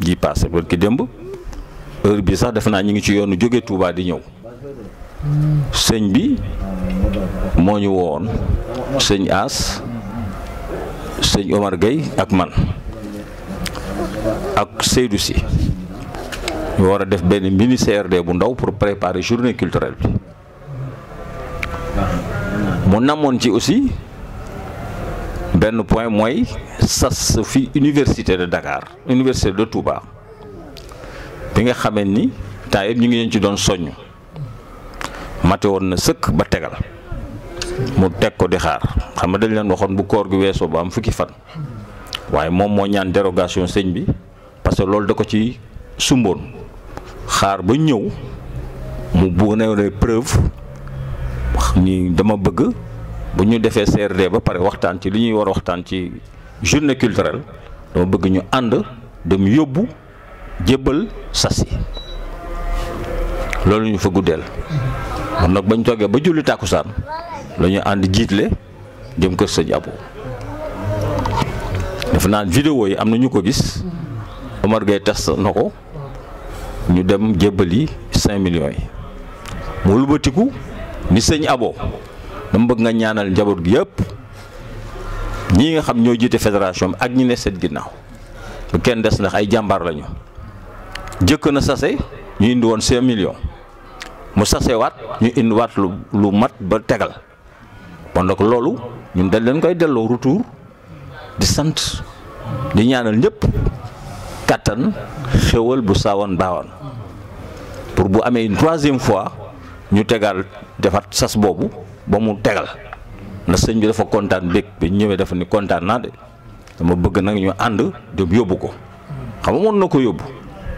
ji passé ba ki démb heure bi sax defe naa ñu ngi ci yoonu jóge Touba di ñëw sëñ bi moo ñu woon sëñ As sëñ Omar Gueye ak man ak Seydou si ñu war a def benn mini de bu ndaw pour préparer journée culturelle bi mu namoon ci aussi benn point mooy sas fi université de Dakar université de Touba. bi nga xamee ni temps yëpp ñu ngi leen ci doon soññ mate woon na sëkk ba tegal mu teg ko di xaar xam nga dañ leen waxoon bu koor gi weesoo ba am fukki fan waaye moom moo ñaan dérogation sëñ bi parce que loolu da ko ci sumboon xaar ba ñëw mu bu ne preuve ni dama bëgg bu ñu defee CRD ba pare waxtaan ci li ñuy war a waxtaan ci journée culturel dama bëgg ñu ànd dem yóbbu. jébbal sas yi loolu ñu fa guddeel kon nag bañ toogee ba julli tàkkusaan la ànd jiitle jëm kër sëñ Abo dafa naan vidéo yi am na ñu ko gis Omar Gueye test na ko ñu dem jébbal yi cinq millions yi mu lubatiku ni sëñ Abo dama bëgg nga ñaanal njaboot gi yëpp ñii nga xam ñoo jiite fédération ak ñi ne seen ginnaaw bu kenn des ndax ay jàmbaar lañu jëkk na sase ñu indi woon cinq million mu sasewaat ñu indi waat lu lu mat ba tegal kon nag loolu ñun dañ leen koy delloo retour di sant di ñaanal ñëpp kàttan xéwal bu saawoon baawoon pour bu amee une fois ñu tegal defaat sas boobu ba mu tegal na sëñ bi dafa kontaan bég bi ñëwee dafa ne kontaan naa de dama bëgg nag ñu ànd dem yóbbu ko xam nga mën na ko yóbbu.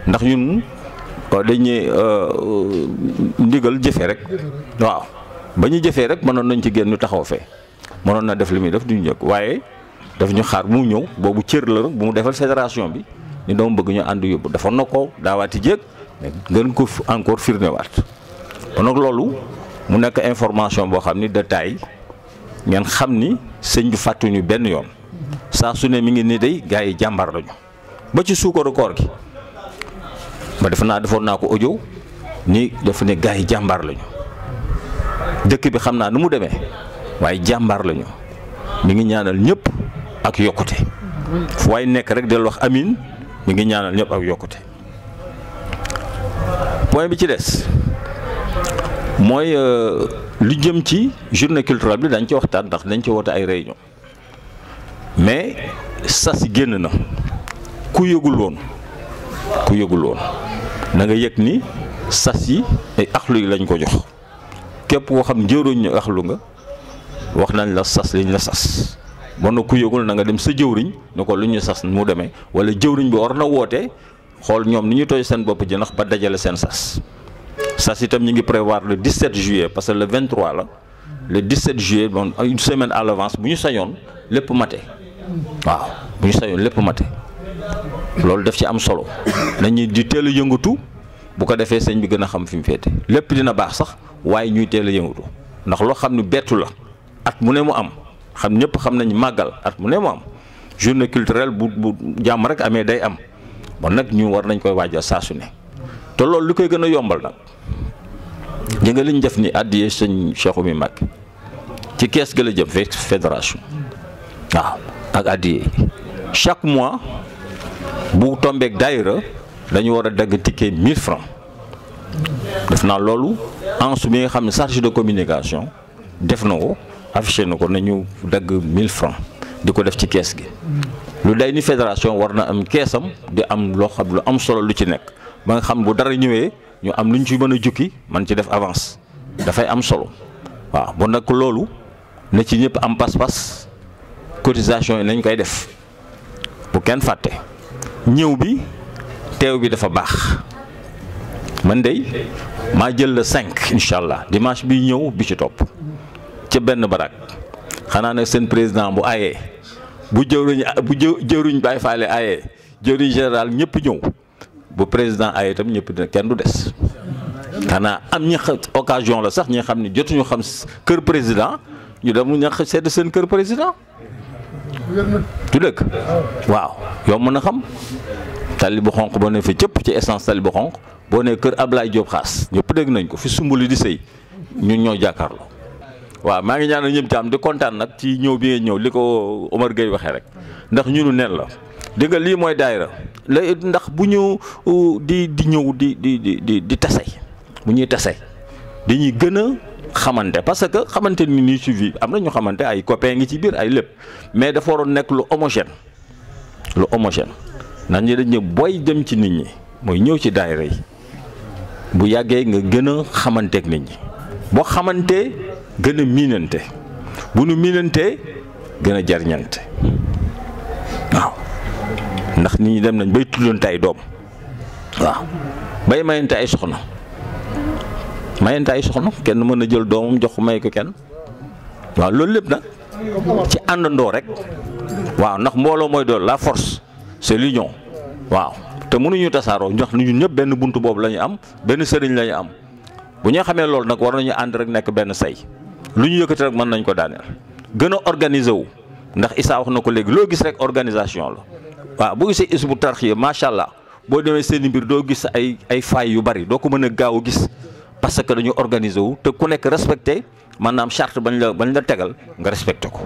ndax ñun dañ ñee euh, euh, ndigal jëfe rek waaw ba ñu jëfee rek mënoon nañ ci génn taxaw fee mënoon na def li muy def duñu njëkk waaye daf ñu xaar mu ñëw boobu cër la bu mu defal fédération bi ni doom bëgg ñu ànd yóbbu dafa na ko daawaati jéeg mais ngeen ko encore waat kon nag loolu mu nekk information boo xam ni détail ngeen xam ni sëñ bi fàttuñu benn yoon saa su ne mi ngi nii day gars yi jàmbar lañu ba ci suukaru koor gi ba defe naa defoon naa ko audio ni dafa ne gars yi jàmbaar lañu dëkk bi xam naa nu mu demee waaye jàmbaar lañu mu ngi ñaanal ñëpp ak yokkute fu waay nekk rek del wax amin mi ngi ñaanal ñëpp ak yokkute point bi ci des mooy euh, lu jëm ci journée culturelle bi dañ ci waxtaan ndax dañ ci woote ay réunion mais sa si génn na ku yëgul woon ku yëgul woon na nga yëg ni sas yi ay axlu yi lañ ko jox képp koo xam jëwriñ ñu axlu nga wax nañ la sas liñ la sas mën na ku yëgul na nga dem sa jëwriñ ne ko lu ñu sas mu demee wala jëwriñ bi war na wootee xool ñoom ni ñu tooy seen bopp ji ndax ba dajale seen sas sas tam ñu ngi prévoir le 17 juillet parce que le 23 la le 17 juillet bon une semaine à l'avance bu ñu sañoon lépp mate waaw bu ñu sañoon lépp mate loolu daf ci am solo nañu di teel a yëngatu bu ko defee sëñ bi gën a xam fi mu féete lépp dina baax sax waaye ñuy teel a yëngatu ndax loo xam ne bettu la at mu ne mu am xam ñëpp xam nañ màggal at mu ne mu am journée culturelle bu bu jàmm rek amee day am bon nag ñu war nañ koy waajal saa su ne te loolu lu koy gën a yombal nag di nga def ni àddiyee sëñ Cheikhu mi mag ci kees ga la jëm fédération waaw ak àddiyee chaque mois. bu tombeek daayira dañu war a dagg ticket 1000 francs def naa loolu Ansu bi nga xam ne chargé de communication def na ko affiché na ko nañu dagg 1000 francs di ko def ci kees gi lu day ni fédération war na am keesam di am loo xam lu am solo lu ci nekk ba nga xam bu dara ñëwee ñu am lu ñu ci mën a jukki man ci def avance dafay am solo waaw bon nag loolu na ci ñëpp am pas-pas cotisation yi nañ koy def bu kenn fàtte ñëw bi teew bi dafa baax man de maa jël la cinq incha allah dimanche bi ñëw bi ci topp ci benn barak xanaa ne seen président bu ayee bu jëwriñ bu jëwriñ Baye Fallé ayee jëwriñ général ñëpp ñëw bu président ayee itam ñëpp dina kenn du des xanaa am ñi occasion la sax ñi xam ne jotuñu xam kër président ñu dem ñax sedd seen kër président du dëkk waaw yow mën a xam tali bu xonq boo ne fa cëpp ci essence tali xonq boo ne kër Ablaye Diop xaas ñëpp dégg nañ ko fi sumbali di sëy ñun ñoo jàkkaarloo waaw maa ngi ñaanal ñëpp jàmm di kontaan nag ci ñëw bi ngeen ñëw li ko Omar Gueye waxee rek ndax ñunu neen la dégg nga lii mooy daayira la ndax bu ñu di di ñëw di di di di tase bu ñuy tase dañuy gën xamante parce que xamante ni nii suivi am na ñu xamante ay copains ngi ci biir ay lépp mais dafa waroon nekk lu homogène lu homogène ndax ñi dañ ne booy dem ci nit ñi mooy ñëw ci daayira yi bu yàggee nga gën a xamanteeg nit ñi boo xamantee gën miinante bu nu miinantee gën a jariñante waaw ndax nit ñi dem nañ bay tuddante ay doom waaw bay mayante ay soxna mayante ay soxna kenn mën na jël doomam jox ko may ko kenn waaw loolu lépp nag ci àndandoo rek waaw ndax mbooloo mooy dool la force c'est l'union waaw te mënuñu tasaaroo ndax ñun ñëpp benn bunt boobu la ñu am benn sëriñ la ñu am bu ñoo xamee loolu nag war nañu ànd rek nekk benn say lu ñu yëkkati rek mën nañ ko daaneel gën a organiser wu ndax Issa wax na ko léegi loo gis rek organisation la waaw boo gisee Hizbut yi macha allah boo demee seen mbir doo gis ay ay faay yu bari doo ko mën a gaaw a gis. parce que dañu organiser wu te ku nekk respecté maanaam charte bañ la bañ la tegal nga respecté ko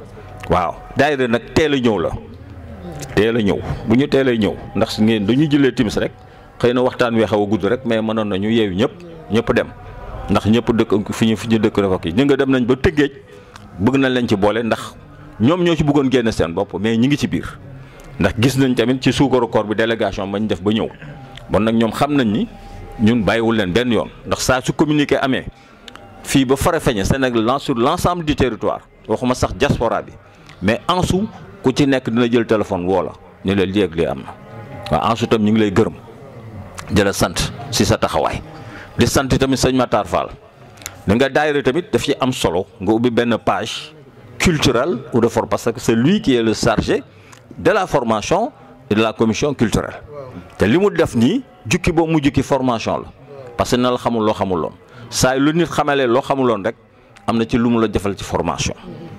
waaw daayira nag teel a ñëw la teel a ñëw bu ñu teelee ñëw ndax ngeen dañuy jëlee timis rek xëy na waxtaan wi xaw a gudd rek mais mënoon nañu yeeyu ñëpp ñëpp dem ndax ñëpp dëkk fi ñu fi ñu dëkk dafa yi ñu nga dem nañ ba tëggeej bëgg na leen ci boole ndax ñoom ñoo ci bëggoon génn seen bopp mais ñi ngi ci biir ndax gis nañ tamit ci suukaru koor bi délégation bañ def ba ñëw bon ñun bàyyiwul leen benn yoon ndax saa su communiquer amee fii ba Farafeñe Sénégal sur l' ensemble du territoire waxuma sax diaspora bi mais Ansu ku ci nekk dina jël téléphone woo la ñu la lii ak lii am na waaw Ansu tam ñu ngi lay gërëm di sant si sa taxawaay di sant tamit sëñ Matar Fall da nga daayira tamit daf ci am solo nga ubbi benn page culturelle ou de for parce que c'est lui qui est le chargé de la formation de la commission culturelle te li mu def nii jukki boobu mu jukki formation la parce que na xamul loo xamul loon saa lu nit xamalee loo xamuloon rek am na ci lu mu la defal ci formation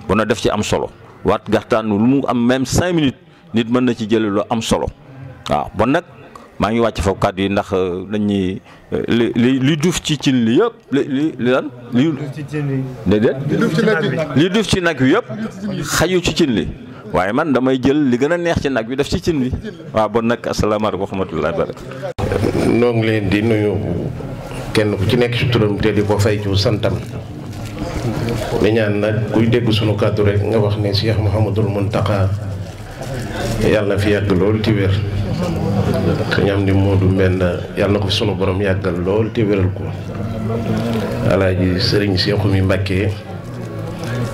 bu na def ci am solo waat gaxtaan lu mu am même cinq minutes nit mën na ci jële lu am solo waaw bon nag maa ngi wàcc foofu kàddu yi ndax euh, dañuy euh, li li li duuf ci cin li yëpp li li li lan li duuf ci nag bi yëpp xaju ci cin li waaye man damay jël li gën a neex ci nag bi def ci cin bi waaw bon nag asalaamaaleykum wa rahmatulah barak ngi leen di nuyu kenn ku ci nekk ci turam te di ko fay ci santam di ñaan nag kuy dégg sunu kàddu rek nga wax ne Cheikh Mouhamadul Mountakha yàlla na fi yàgg lool ci wér suñu am yàlla ko fi sunu borom yàggal lool te wéral ko alaaji sëriñ Seexu mi Mbàkke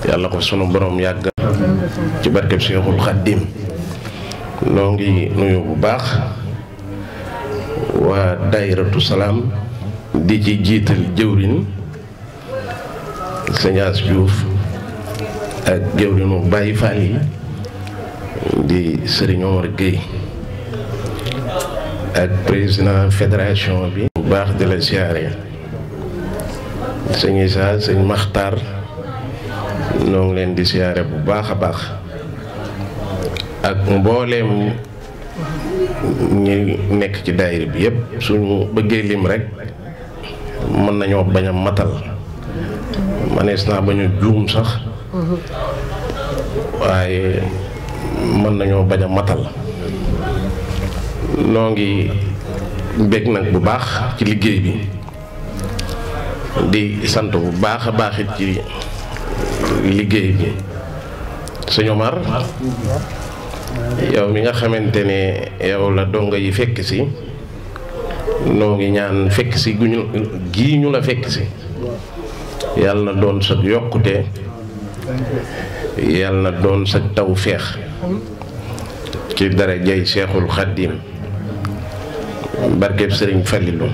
yàlla ko sunu borom yàggal ci barkeb Seexul Xaddim noo ngi nuyu bu baax waa daayiratu salaam di ci jiital jëwlin sëñ juuf ak jëwrinu Baye Fall yi di sëriñ Omar Gueye ak président fédération bi bu baax di la siyaare sëñ Issa sëñ noo ngi leen di siyaare bu baax a baax ak mbooleem ñi nekk ci daayira bi yépp suñu bëggee lim rek mën nañoo bañ a matal manees naa bañu a juum sax waaye mën nañoo bañ a matal noo ngi bég nag bu baax ci liggéey bi di sant bu baax a baaxit ci liggéey bi sëñ Omar yow mi nga xamante ne yow la dongo yi fekk si noo ngi ñaan fekk si gu ñu gii ñu la fekk si yàlla na doon sa yokkute yàlla na doon sa taw feex ci dara jay Seexul Xaddim barkeb sëriñ Falilu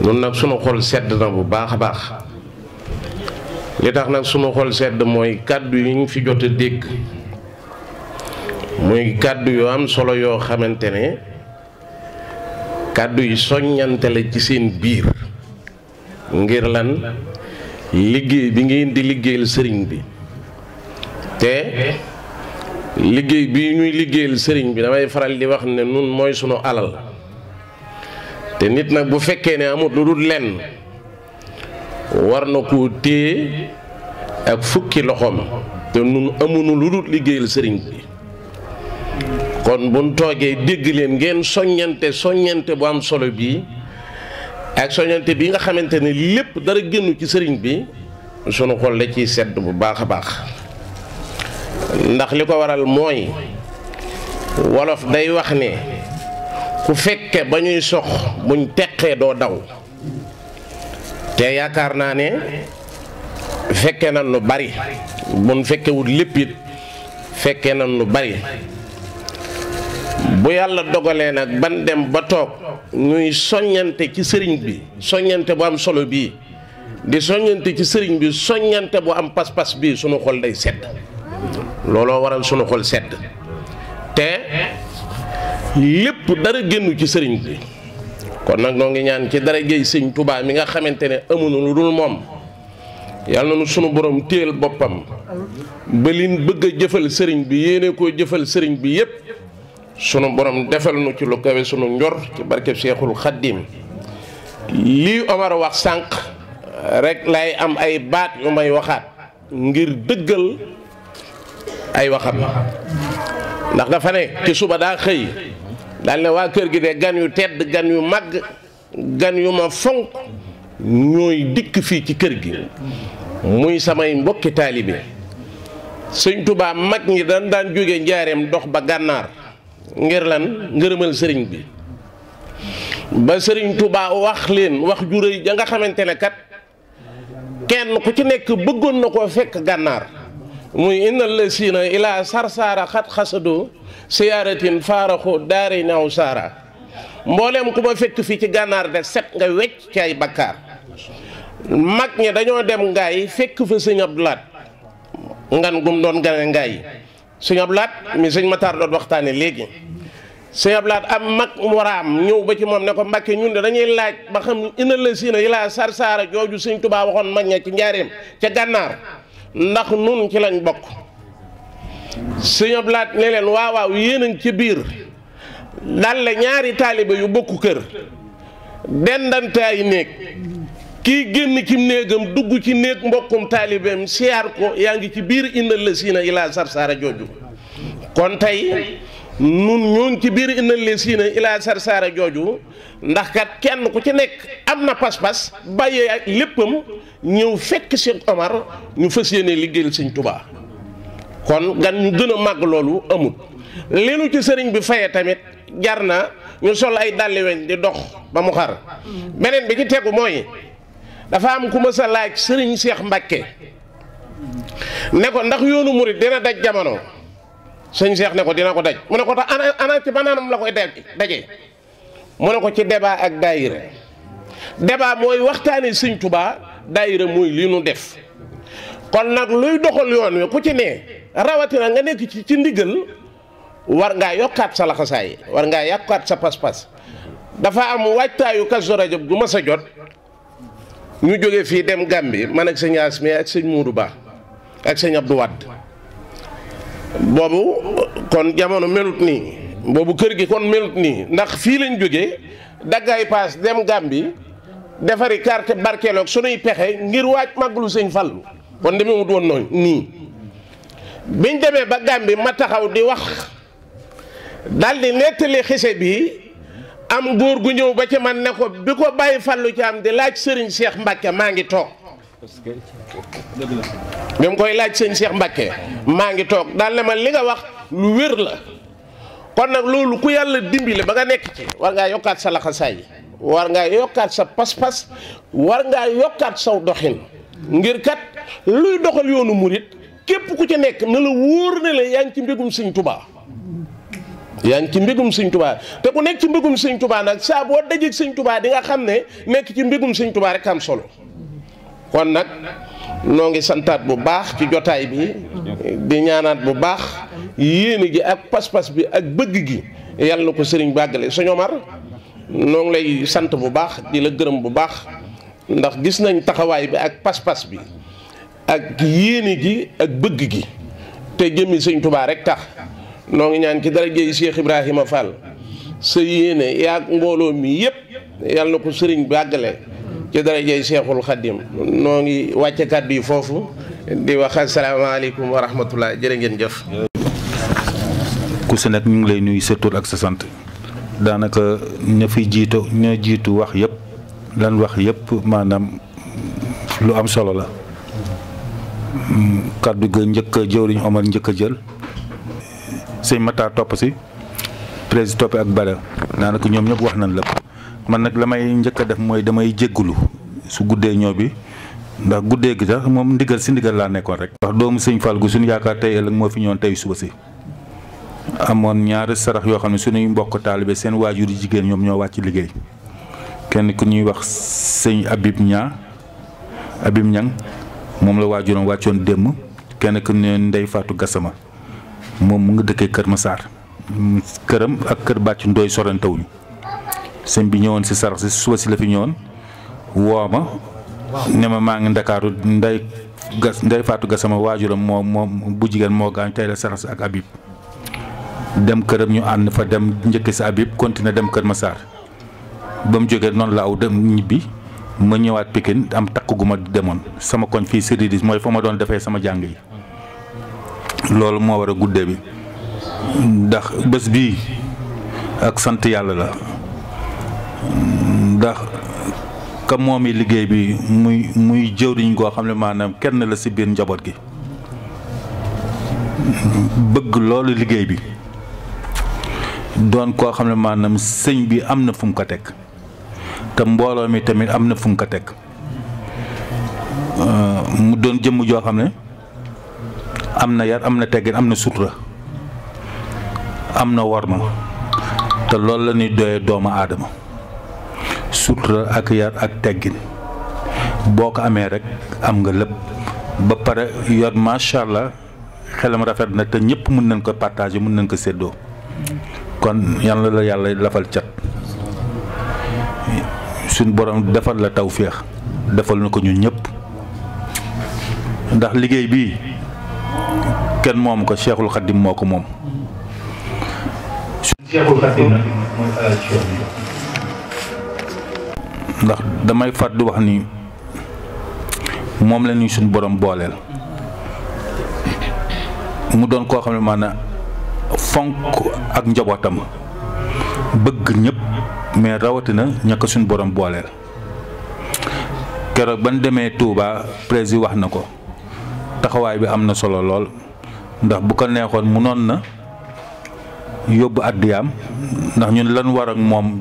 nun nag sunu xol sedd na bu baax a baax li tax nag suma xol sedd mooy kàddu yi ñu fi jot a dégg muy kàddu yu am solo yoo xamante ne kàddu yi soññante la ci seen biir ngir lan liggéey bi ngeen di liggéeyal sëriñ bi te liggéey bi ñuy liggéeyal sëriñ bi damay faral di wax ne nun mooy sunu alal te nit nag bu fekkee ne amut lu dul lenn war na koo téye ak fukki loxoom te nun amuñu lu dul liggéeyal sëriñ bi kon buñ toogee dégg leen ngeen soññante soññante bu am solo bii ak soññante bii nga xamante ne lépp dara génnu ci sëriñ bi sunu xol la ciy sedd bu baax a baax ndax li ko waral mooy wolof day wax ne ku fekke ba ñuy sox buñ teqee doo daw te yaakaar naa ne fekke nan lu bari buñ fekkewul lépp it fekke nan lu bari bu yàlla dogalee nag ban dem ba toog ñuy soññante ci sëriñ bi soññante bu am solo bii di soññante ci sëriñ bi soññante bu am pas-pas bii sunu xol day sedd looloo waral sunu xol sedd te lépp dara génnu ci sëriñ bi kon nag noo ngi ñaan ci dara géey sëñ Touba mi nga xamante ne amuñu lu moom yàlla na sunu borom téel boppam ba liñ bëgg jëfal sëriñ bi yéene koo jëfal sëriñ bi yépp sunu borom defal nu ci lu kawe sunu njor ci barkeb Seexul Xaddiim lii Omar wax sànq rek lay am ay baat yu may waxaat ngir dëggal ay waxam ndax dafa ne ci suba daa xëy daal waa kër gi de gan yu tedd gan yu màgg gan yu ma fonk ñooy dikk fii ci kër gi muy samay mbokki taalibe sëñ Tuubaa mag ñi dan daan jóge njaareem dox ba gànnaar ngir lan ngërëmal sëriñ bi ba sëriñ Tuubaa wax leen wax ju rëy ja nga xamante ne kat kenn ku ci nekk bëggoon na ko fekk gànnaar muy innal la siina ilaa sarsaara xat xasadoo siyaaratin faaraxu daari naw saara mbooleem ku ma fekk fii ci gànnaar de set nga wecc ci ay bakkaar mag ñi dañoo dem ngay fekk fa sëñ Abdou ngan gum doon gane ngaay sëñ mi sëñ Matar doon waxtaane léegi sëñ am mag waraam ñëw ba ci moom ne ko Mbàkke ñun de dañuy laaj ba xam ina la siina yi laa sarsaara saara jooju sëñ Tuubaa waxoon mag ña ci njaareem ca gànnaar ndax nun ci lañ bokk sëñ laat Lahad waawaaw leen yéen a ngi ci biir dal ñaari taaliba yu bokk kër dendante ay néeg kii génn ci néegam dugg ci néeg mbokkum taalibeem siyaar ko yaa ngi ci biir innal la siina ilaa sarsaara jooju kon tey nun ñoo ci biir innal la siina ilaa sarsaara jooju ndax kat kenn ku ci nekk am na pas-pas bàyyee ak léppam ñëw fekk Cheikh Omar ñu fas yéene liggéeyal sëñ Tubaa kon gan ñu gën a màgg loolu amul li nu ci sëriñ bi faye tamit jar na ñu sol ay dàlli weñ di dox ba mu xar beneen bi ci tegu mooy dafa am ku ma sa laaj sëriñ Seex Mbàkke ne ko ndax yoonu murit dina daj jamono sëñ Seex ne ko dina ko daj mu ne ko tax ana ana ci banaanam la koy daje mu ne ko ci débat ak daayira débat mooy waxtaane sëñ tubaa daayira mooy li nu def kon nag luy doxal yoon wi ku ci nee rawatina nga nekk ci ci ndigal war ngaa yokkaat sa laxasaay war ngaa yokkaat sa pas-pas dafa am waajtaayu Kazu Rajab gu ma sa jot ñu jóge fii dem Gàmbi man ak sëñ Asmi ak sëñ Muudu Ba ak sëñ Abdou Wadd boobu kon jamono melut nii boobu kër gi kon melut nii ndax fii lañ jóge daggaay paas dem Gàmbi defari carte barkeeloog sunuy pexe ngir waaj màggalu sëñ Fallu kon demewut woon noonu nii biñ demee ba Gàmbi ma taxaw di wax dal di nettali xise bi am góor gu ñëw ba ci man ne ko bi ko bàyyi fallu ci am di laaj sëriñ Cheikh Mbacke maa ngi toog bi mu koy laaj sëriñ Cheikh Mbacke maa ngi toog daal ne ma li nga wax lu wér la kon nag loolu ku yàlla dimbali ba nga nekk ci war ngaa yokkaat sa laxasaay war ngaa yokkaat sa pas-pas war ngaa yokkaat saw doxin ngir kat luy doxal yoonu murit képp ku ca nekk na la wóor ne la yaa ngi ci mbégum sëñ tubaa yaa ngi ci mbégum sëñ tubaa te bu nekk ci mbégum sëñ tubaa nag saa boo dajeeg sëñ tubaa di nga xam ne nekk ci mbégum sëñ tubaa rek am solo kon nag noo ngi santaat bu baax ci jotaay bi di ñaanaat bu baax yéene gi ak pas-pas bi ak bëgg gi yàlla na ko sëriñ bàgg sëñ Omar noo ngi lay sant bu baax di la gërëm bu baax ndax gis nañ taxawaay bi ak pas-pas bi ak yéene gi ak bëgg gi te jëmmi sëñ tubaa rek tax noo ngi ñaan ci dara jëy Cheikh Ibrahima Fall sa yéene yaa mbooloo mi yépp yàlla na ko sëriñ bàggale àggale ci dara jëy Cheikhul Khadim noo ngi wàcce kàddu yi foofu di wax asalaamaaleykum wa rahmatullah jërë ngeen jëf ku si nekk ñu ngi lay nuyu sa ak sa sant daanaka ña fi jiito ña jiitu wax yépp lan wax yépp maanaam lu am solo la kàddu ga njëkk a jëwriñ Omar njëkk a jël sëñ mataa topp si président topp ak Bada daanaka ñoom ñëpp wax nañ lépp man nag la may njëkk def mooy damay jéggulu su guddee ñëw bi ndax guddee gi sax moom ndigal si ndigal laa nekkoon rek. ndax doomu sëñ Fall gu suñu yaakaar tey ëllëg moo fi ñëwoon tey suba si amoon ñaari sarax yoo xam ne suñuy mbokk taalibe seen waajur jigéen ñoom ñoo wàcc liggéey kenn ku ñuy wax sëñ Habib Niang Habib ñan moom la waajuram wàccoon démb kenn ku ne ndey faatu gasama moom mu ngi dëkkee Kër ma Massar këram ak kër bàcc ndooy sorantawuñu sëñ bi ñëwoon si sarax si suba si la fi ñëwoon woo ma ne ma maa ngi ndakaaru nday gas nday faatu gasama waajuram moo moom bu jigéen moo gaañ tey la sarax si ak Habib dem këram ñu ànd fa dem njëkk si Habib continuer dem kër Massar ba mu jógee noonu la aw dem ñibbi ma ñëwaat Pikine am takk gu ma demoon sama koñ fii Séridis mooy fa ma doon defee sama jàng yi loolu moo war a bi ndax bés bii ak sant yàlla la ndax ka moom yi liggéey bi muy muy jëwriñ koo xam ne maanaam kenn la si biir njaboot gi bëgg loolu liggéey bi doon koo xam ne maanaam sëñ bi am na fu mu ko teg te mbooloo mi tamit am na fu ko teg euh, mu doon jëmm joo xam ne am na yar am na teggin am na sutura am na worma te loolu la ñuy doyee doomu aadama sutura ak yar ak teggin boo ko amee rek am nga lépp ba pare yoon macha allah xelam rafet na te ñëpp mun nañ ko partager mun nañ ko séddoo kon yàlla la yàlla lafal cat suñ borom defal la tawféex defal na ko ñun ñëpp ndax liggéey bi kenn moom ko Cheikhul Khadim moo ko moom. Cheikhul ndax damay fat du wax ni moom la ñuy suñ borom booleel mu doon koo xam ne maanaam fonk ak njabootam bëgg ñëpp. mais rawatina ñàkk suñu borom booleel keroog ban demee Touba président wax na ko taxawaay bi am na solo lool ndax bu ko neexoon mënoon na yóbbu addiyaam ndax ñun lan war ak moom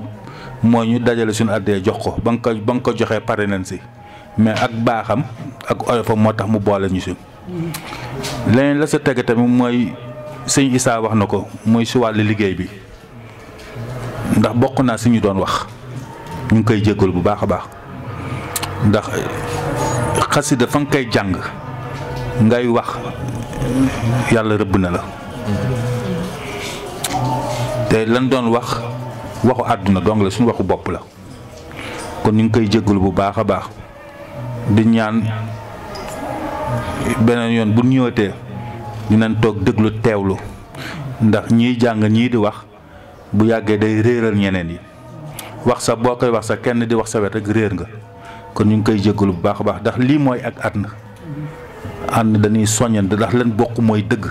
moo ñu dajale suñu addee jox ko ba nga ko ba nga ko joxee pare nañ si mais ak baaxam ak oyofam moo tax mu boole ñu si leneen la sa tege tamit mooy sëñ Issa wax na ko muy si wàllu liggéey bi. ndax bokk naa suñu doon wax ñu ngi koy jégalu bu baax a baax ndax eh, xasida dafa nga koy jàng ngay wax yàlla rëbb na la te lan doon wax waxu àdduna dong la suñu waxu bopp la kon ñu ngi koy jégalu bu baax a baax di ñaan beneen yoon bu ñëwatee dinañ toog déglu teewlu ndax ñiy jàng ñii di wax bu yàggee day réeral ñeneen yi wax sa boo koy wax sa kenn di wax sa wet rek réer nga kon ñu ngi koy jégalu bu baax a baax ndax lii mooy ak ànd ànd dañuy soññante ndax leen bokk mooy dëgg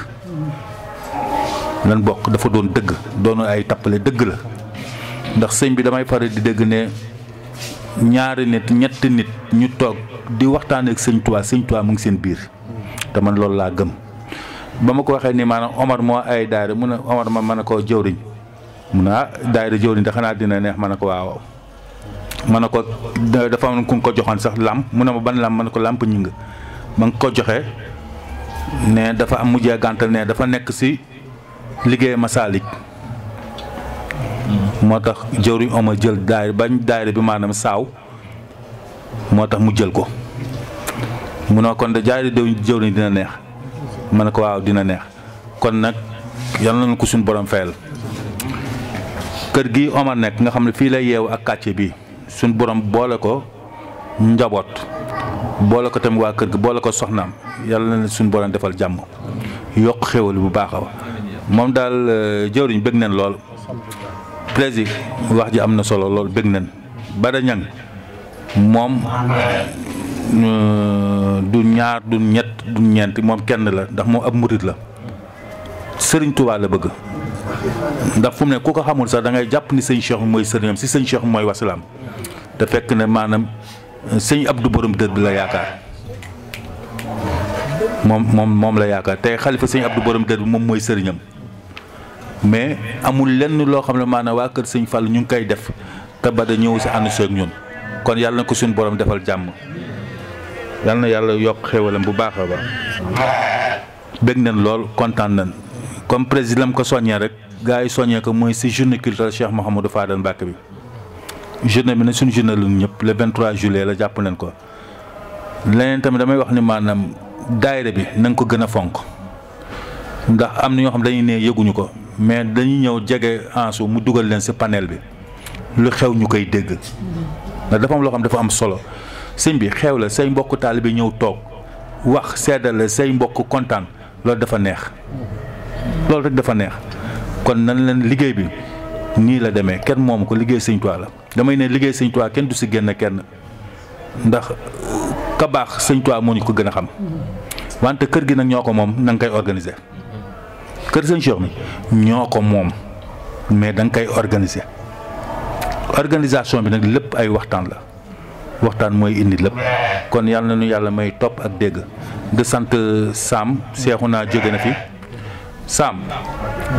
leen bokk dafa doon dëgg doon ay tappale dëgg la ndax sëñ bi damay faral di dégg ne ñaari nit ñett nit ñu toog di waxtaan ak sëñtuwaa Tuubaa mu ngi seen biir te man loolu laa gëm ba ma ko waxee ni maanaam Omar moo ay daara mu ne Omar ma mën a koo jëwriñ mu ne ah daayira jëwriñ da xanaa dina neex ma ne ko waaw ma ne ko dafa am ku ko joxoon sax làmp mu ne ma ban làmp ne ko làmp ñi ma nga ko joxe ne dafa am mujjee gàntal ne dafa nekk si liggéey masaalik moo tax jëw jëwriñ oma jël daayira bañ daayira bi maanaam saaw moo tax mu jël ko mu ne kon de jaay jëw jëwriñ dina neex ma ne ko waaw dina neex kon nag yal nañu ko suñu borom fayal kër gi Omar nekk nga xam ne fii lay yeewu ak quartier bi suñ borom boole ko njaboot boole ko tamit waa kër gi boole ko soxnaam yàlla na suñ borom defal jàmm yokk xéwal bu baax a moom daal euh, jëwriñ bëgg nañ lool plaisir wax ji am na solo lool bëgg nañ Bada Ñang moom euh, du ñaar du ñett du ñeent moom kenn la ndax moom ab murit la Sëriñ Tuubaa la bëgg ndax fu mu ne ku ko xamul sax dangay jàpp ni sëñ Cheikh mooy sëriñam si sëñ Cheikh bi mooy wasalaam da fekk ne maanaam euh, sëñ Abdou borom dër bi la yaakaar moom moom moom la yaakaar tey xalifa sëñ Abdou borom dër bi moom mooy sëriñam mais amul lenn loo xam ne maanaam waa kër sëñ Fall ñu ngi koy def te ba da ñëw si ànd ak ñun kon yàlla na ko suñu borom defal jàmm yàlla na yàlla yokk xéwalam bu baax a baax. bég nañ lool kontaan nañ. comme président ko soññee rek gars yi soññee ko mooy si journée culturelle Cheikh Mouhamadou Fadal Mbacké bi journée bi nag suñu journée lu ñëpp le 23 juillet la jàpp leen ko leneen tamit damay wax ni maanaam daayira bi na ko gën a fonk ndax am na ñoo xam dañuy ne yëguñu ko mais dañuy ñëw jege ansu mu dugal leen si panel bi lu xew ñu koy dégg ndax dafa loo xam dafa am solo sëñ bi xew la say mbokk taalibe ñëw toog wax seddal la say mbokk kontaan loolu dafa neex. loolu rek dafa neex kon nan leen liggéey bi nii la demee kenn moom ko liggéey sëñ Tuubaa la damay ne liggéey sëñ Tuubaa kenn du si génn kenn ndax ka baax sëñ Tuubaa moo ñu ko gën a xam wante kër gi nag ñoo ko moom na koy organiser kër sëñ Cheikh mi ñoo ko moom mais da nga koy organiser organisation bi nag lépp ay waxtaan la waxtaan mooy indi lépp kon yàlla na ñu yàlla may topp ak dégg de sant Sam Seexu naa jóge na fi. Sam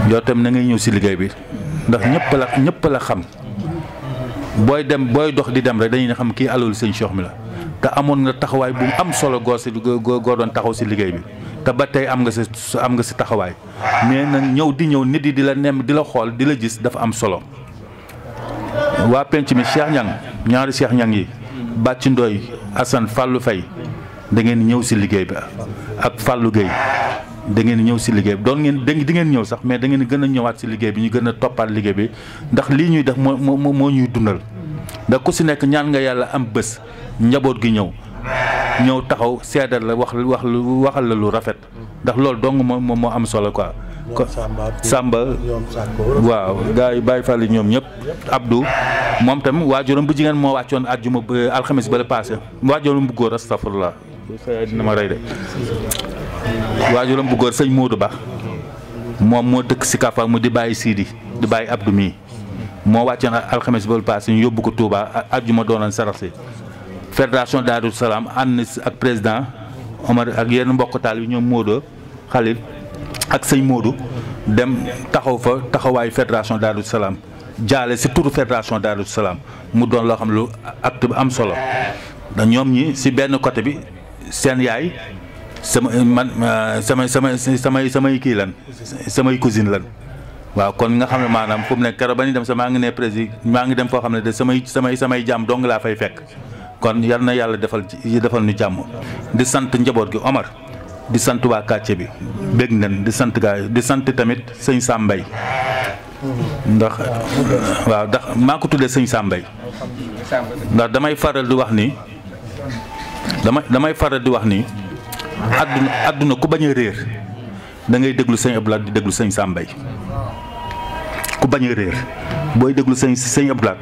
yow tam na ngay ñëw si liggéey bi ndax ñëpp ñëpp la xam booy dem booy dox di dem rek dañu xam kii alalu sëñ Cheikh mi la te amoon nga taxawaay bu am solo goo si goo doon taxaw si liggéey bi te ba tey am nga si am nga si taxawaay mais nag ñëw di ñëw nit yi di la nemm di la xool di la gis dafa am solo waa penc mi Cheikh ñan ñaari Cheikh ñan yi Bàcc Ndoy Assane Fallou Faye dangeen ñëw si liggéey bi ak Fallou Gueye da ngeen ñëw si liggéey bi doon ngeen di ngeen ñëw sax mais da ngeen gën a ñëwaat si liggéey bi ñu gën a toppaat liggéey bi ndax lii ñuy def moo moo moo ñuy dundal ndax ku si nekk ñaan nga yàlla am bés njaboot gi ñëw ñëw taxaw seedal la wax wax waxal la lu rafet ndax loolu dong moo moo am solo quoi. Samba waaw gaa yi Baye Fall ñoom ñëpp Abdou moom tam waajuram bu jigéen moo wàccoon at àjjuma euh, alxames ba la paase waajuram bu góor astafurlah dina ma rey de waajuram bu góor sëñ Moodu Ba moom moo dëkk si Kafa mu di bàyyi Sidi di bàyyi Abdou mii moo wàccoon alxames ba paase ñu yóbbu ko Touba àjjuma doonoon saraxsi fédération Daaru Salaam ànd ak président Omar ak yenn mbokk taal bi ñoom Moodu Xalil ak sëñ Moodu dem taxaw fa taxawaayu fédération Daaru Salaam jaale si turu fédération Daaru Salaam mu doon loo xam lu acte bu am solo da ñoom ñi si benn côté bi seen yaay sama man samay samay samay samay kii lan samay cousine lan waaw kon nga xam ne maanaam fu ne nekk keroog ba ñu dem sa maa ngi ne président maa ngi dem foo xam ne de samay samay samay jàmm dong laa fay fekk kon yar na yàlla defal defal ñu jàmm di sant njaboot gi Omar di sant waa quartier bi bég nañ di sant di sant tamit sëñ Sambay ndax waaw ndax maa ko sëñ Sambay damay faral di wax ni damay damay faral di wax ni àdduna àdduna ku bañ a réer dangay ngay déglu sëñ Abdoulaye di déglu sëñ Sambay ku bañ a réer booy déglu sëñ sëñ Abdoulaye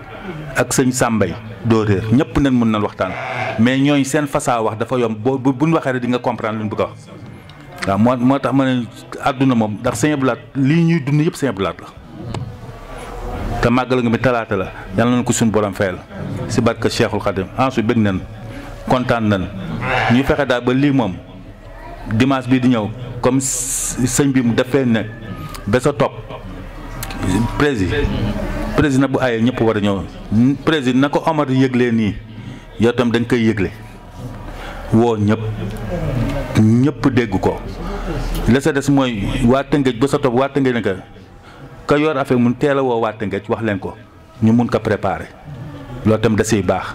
ak sëñ Sambay doo réer ñëpp nañ mun na waxtaan mais ñooy seen fasaa wax dafa yomb boo bu ñu waxee rek di nga comprendre lu ñu bëgg a wax waaw moo moo tax ma ne àdduna moom ndax sëñ Abdoulaye lii ñuy dund yëpp sëñ Abdoulaye la. te màggal nga mi talaata la yal nañu ko suñu borom fayal si barke Cheikhul Khadim ensuite bëgg nañ kontaan nañ ñu fexe daal ba lii moom dimaas bii di ñëw comme sëñ bi mu defee nag ba sa topp presi na bu aayee ñëpp war a ñëw président na ko Omar yëglee nii yow tam dañ koy yëgle woo ñëpp ñëpp dégg ko la sa des mooy waa Tëngéej ba sa topp waa Tëngéej nag ka yor affaire mun teel a woo waa Tëngéej wax leen ko ñu mun ko préparer loo tam da siy baax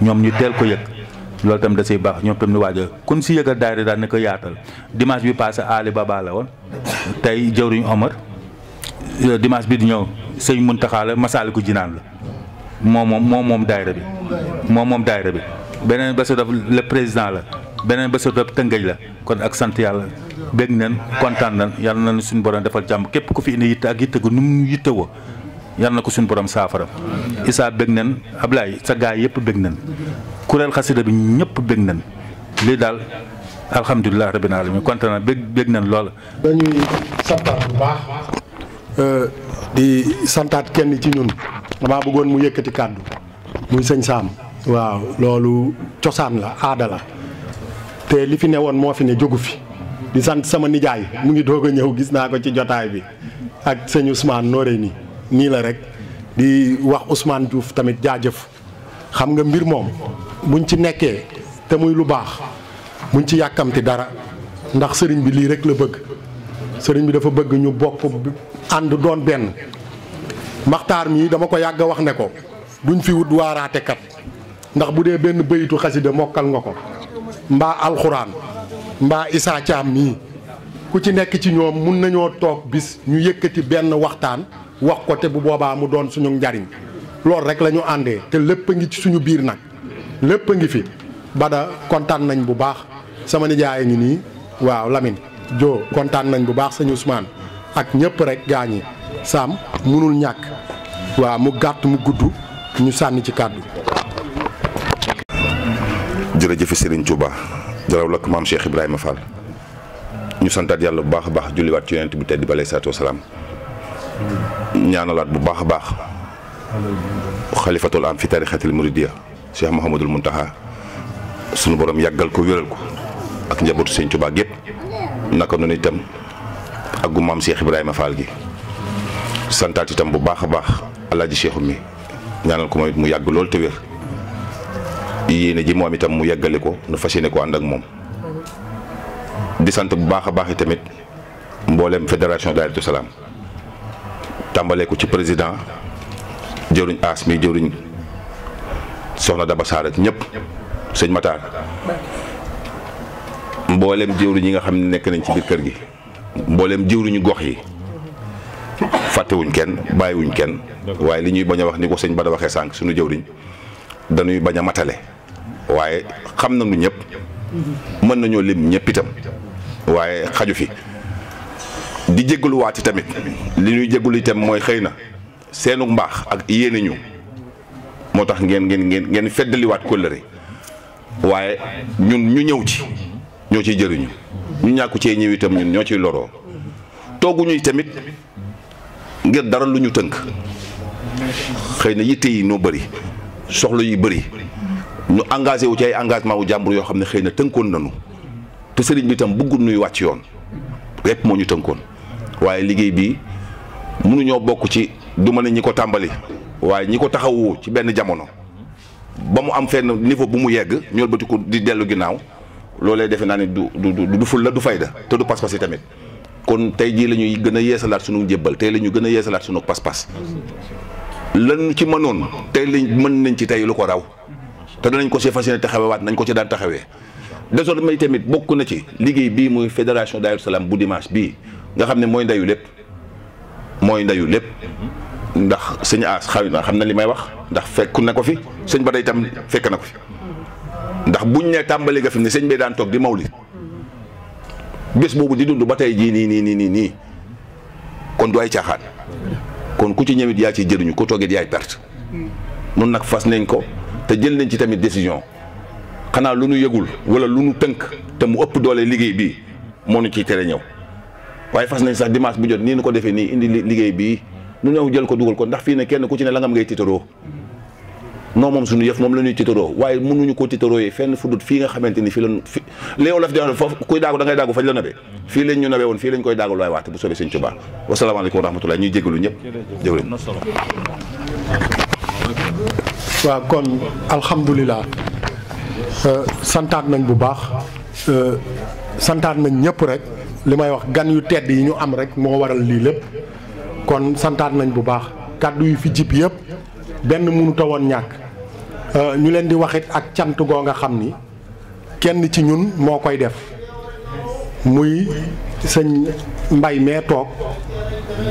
ñoom ñu teel ko yëg loolu tam da siy baax ñoom tam ni waaj kun si yëgal daayira daan na ko yaatal dimanche bi passé Ali Baba la woon tey jëwriñ Omar euh, dimanche bi di ñëw sëñ Muntaxa la Masaalikul Jinaan la moom moom moom moom daayira bi moom moom daayira bi beneen bés daf le président la beneen bés daf tëngëj la kon ak sant yàlla bég nañ kontaan nañ yàlla nañ suñ borom defal jàmm képp ku fi indi yitte ak yitte gu nu mu yitte woo yal na ko suñu borom saafara isaa bég nañ Ablaye sa gaa yëpp bég nañ kuréel xasida bi ñëpp bég nañ lii daal alhamdulilah rabbil alamin kontaan na bég bég nañ lool. dañuy santaat bu baax euh, kenn ci ñun damaa bëggoon mu yëkkati kàddu muy sëñ Saam waaw loolu cosaan la aada te li fi ne woon moo fi ne jógu fi di sant sama nijaay mu ngi doog a ñëw gis naa ko ci jotaay bi ak sëñ Ousmane Noreyni nii la rek di wax Ousmane Diouf tamit jaajëf xam nga mbir moom buñ ci nekkee te muy lu baax buñ ci yàkkamti dara ndax sëriñ bi lii rek la bëgg sëriñ bi dafa bëgg ñu bokk ànd doon benn maxtaar mii dama ko yàgg wax ne ko duñ fi wut waaraate kat ndax bu dee benn bëyitu xasida mokkal nga ko mbaa alxuraan mbaa isaa caam mii ku ci nekk ci ñoom mun nañoo toog bis ñu yëkkati benn waxtaan wax ko te bu boobaa mu doon suñu njariñ loolu rek la àndee te lépp a ngi ci suñu biir nag lépp a ngi fi bada kontaan nañ bu baax sama nijaay ngi nii waaw Lamine jo kontaan nañ bu baax sëñ Ousmane ak ñëpp rek gaa ñi saam munul ñàkk waaw mu gàtt mu gudd ñu sànni ci kàddu jërëjëf Serigne Touba jaraw lakk maam Cheikh Ibrahima Fall ñu santaat yàlla bu baax a baax julliwaat ci yonent bi tedd bi alayhi salaatu wasalaam ñaanalaat bu baax a baax xalifatul am fi tarixatil muridiya Cheikh Mouhamadul Muntaha suñu borom yàggal ko wéral ko ak njabootu sëñ Tuubaa yépp naka noonu itam ak gu maam Cheikh Ibrahima Fall gi santaat itam bu baax a baax alaaji Cheikh mi ñaanal ko moom mu yàgg loolu te wér yéene ji moom itam mu yàggale ko nu fas yéene ko ànd ak moom di sant bu baax a baax tamit mboolem fédération Daayiratu Salaam tàmbalee ko ci président jëwriñ aas mi jëwriñ soxna Daba Sarr ak ñëpp sëñ Matar mboolem jëwriñ yi nga xam ne nekk nañ ci biir kër gi mboolem jëwriñu gox yi fàttewuñ kenn bàyyiwuñ kenn waaye li ñuy bañ a wax ni ko sëñ Bada waxee sànq suñu jëwriñ dañuy bañ a matale waaye xam nañu ñëpp mën nañoo lim ñëpp itam waaye xaju fi di jégaluwaat yi tamit li ñuy jégalu itam mooy xëy na seenu mbaax ak yéene ñu moo tax ngeen ngeen ngeen ngeen feddaliwaat kóllëre waaye ñun ñu ñëw ci ñoo ciy jëriñu ñu ñàkku cee ñëw itam ñun ñoo ciy loroo tooguñu tamit ngir dara lu ñu tënk xëy na yitte yi noo bëri soxla yu bëri ñu engagé wu ay engagement wu jàmbur yoo xam ne xëy na tënkoon nañu te sëriñ bi tam bëggul nuy wàcc yoon rek moo ñu tënkoon waaye liggéey bi mënuñoo bokk ci duma ma ne ñi ko tàmbali waaye ñi ko taxawu ci benn jamono ba mu am fenn niveau bu mu yegg ñool batiku di dellu ginnaaw loolee defe naa ne du du du ful la du fayda te du pas-pas yi tamit kon tey jii la ñuy gën a yeesalaat sunu njébbal tey la ñu gën a yeesalaat sunu pas-pas lan ci mënoon tey lañ mën nañ ci tey lu ko raw te danañ ko si fas yéene taxawewaat nañ ko ci daan taxawee may tamit bokk na ci liggéey bii muy fédération Daarou Salaam bu dimanche bii nga xam ne mooy ndeyu lépp mooy ndeyu lépp ndax sëñ aas xaw na xam na li may wax ndax fekk na ko fi sëñ ba day tam fekk na ko fi ndax buñ ne tàmbali nga fi ne sëñ bee daan toog di maw mawli bés boobu di dund ba tey jii nii nii nii nii nii kon du ay caaxaan kon ku ci ñëwit yaa ci jëluñu ku toogit yaay perte nun nag fas nañ ko te jël nañ ci tamit décision xanaa lu nu yëgul wala lu nu tënk te mu ëpp doole liggéey bii moo nu ciy tere ñëw waaye fas nañ sax dimanche bu jot nii nu ko defee nii indi liggéey bii nu ñëw jël ko dugal ko ndax fii ne kenn ku ci ne la ngam ngay tiitaroo non moom suñu yëf moom la ñuy tiitaroo waaye ñu ko tiitaroo yi fenn fu dut fii nga xamante ni fii lañ fi la fi def foofu kuy daagu da ngay daagu fañ la nabe fii lañ ñu nabe woon fii lañ koy daagu laay waate bu soobee sëñ Tuubaa wasalaamaaleykum wa rahmatulah ñuy jégalu ñëpp jëwlin waaw kon alhamdulilah euh, santaat nañ bu baax euh, santaat nañ ñëpp rek li may wax gan yu tedd yi ñu am rek moo waral lii lépp kon santaan nañ bu baax kàddu yi fi jip yépp benn mënut a woon ñàkk euh, ñu leen di waxit ak cant goo nga xam ni kenn ci ñun moo koy def muy sëñ mbay mee toog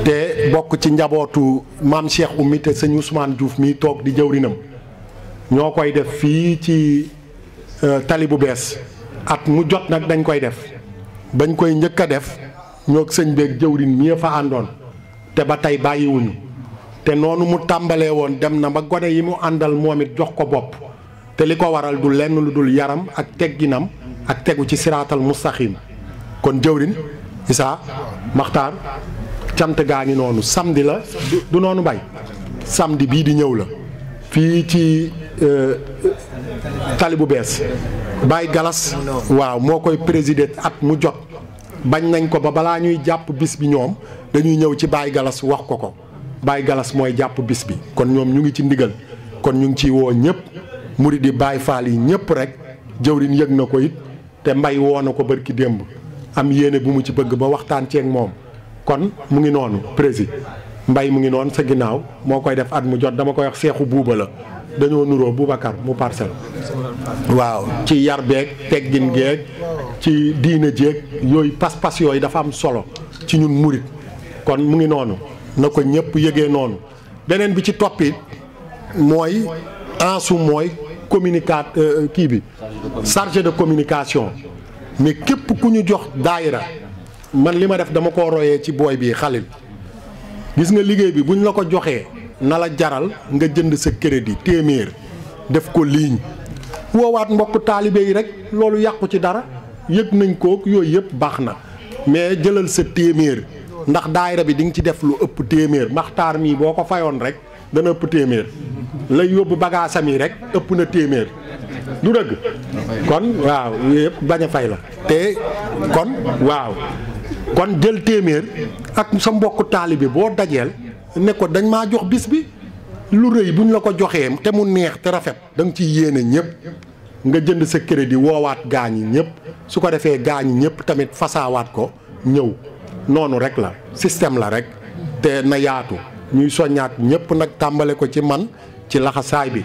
te bokk ci njabootu maam Cheikh Oumy te sëñ Ousmane Diouf mii toog di jëwrinam ñoo koy def fii ci euh, tali bu bees at mu jot nag dañ koy def bañ koy njëkk a def ñoo sëñ beeg jëwrin mi fa àndoon te ba tey bàyyiwuñu te noonu mu tàmbalee woon dem na ba gone yi mu àndal moom it jox ko bopp te li ko waral du lenn lu dul yaram ak tegginam ak tegu ci siraatal mustaxim kon jëwrin isaa maxtaar cant gaa ngi noonu samdi la du noonu bay samedi bii di ñëw la fii ci euh, tali bu bees Baye Galas waaw moo koy présider at mu jot bañ nañ ko ba balaa ñuy jàpp bis bi ñoom dañuy ñëw ci Baye Galas wax ko ko Baye Galas mooy jàpp bis bi kon ñoom ñu ngi ci ndigal kon ñu ngi ciy woo ñëpp murid di Baye Fall yi ñëpp rek jëwriñ yëg na ko it te mbay woo na ko ki démb am yéene bu mu ci bëgg ba waxtaan ceeg moom kon mu ngi noonu président mbay mu ngi noonu sa ginnaaw moo koy def at mu jot dama koy wax seexu buuba la dañoo nuroo Boubacar mu parcelle waaw ci yar beeg teggin geeg ci diine jeeg yooyu pas-pas yooyu dafa am solo ci ñun murit kon mu ngi noonu na ko ñëpp yëgee noonu beneen bi ci toppit mooy ansu mooy communicat euh, kii bi chargé de communication mais képp ku ñu jox daayira man li ma def dama ko royee ci booy bii xalil gis nga liggéey bi buñ la ko joxee na la jaral nga jënd sa crédit téeméer def ko ligne woowaat mbokk taalibe yi rek loolu yàqu ci dara yëg nañ ko yooyu yëpp baax na mais jëlal sa téeméer ndax daayira bi di nga ci def lu ëpp téeméer maxtaar mii boo ko fayoon rek dana ëpp téeméer lay yóbbu bagaasam yi rek ëpp na téeméer du dëgg kon waaw yëpp bañ a fay la te kon waaw kon jël téeméer ak sa mbokk taalibe boo dajeel ne ko dañ maa jox bis bi lu rëy buñ la ko joxee te mu neex te rafet da nga ciy yéene ñëpp nga jënd sa crédit woowaat gaañ yi ñëpp su ko defee gaañ yi ñëpp tamit fasaawaat ko ñëw noonu rek la système la rek te na yaatu ñuy soññaat ñëpp nag tàmbale ko ci man ci laxasaay bi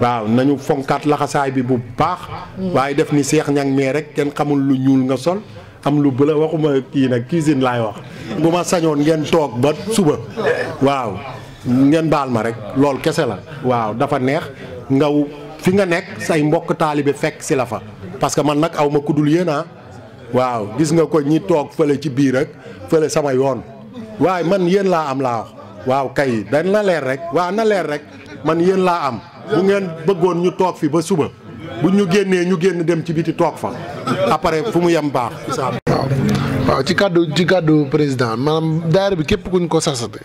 waaw nañu fonkaat laxasaay bi bu baax waaye def ni seex ñang mee rek kenn xamul lu ñuul nga sol am lu bëla waxuma kii nag cuisine laay wax bu ma sañoon ngeen toog ba suba waaw ngeen baal ma rek loolu kese la waaw dafa neex ngaw fi nga nekk say mbokk taalibe fekk si la fa parce que man nag aw ma kuddul yéen ah waaw gis nga ko ñi toog fële ci biir ak fële sama yoon waaye man yéen laa am laa wax waaw kay dañ na leer rek waaw na leer rek man yéen laa am bu ngeen bëggoon ñu toog fi ba suba bu ñu génnee ñu génn dem ci biti toog fa après fu mu yem baax. waaw ci kàddu ci kàddu président maanaam daayira bi képp kuñ ko sasate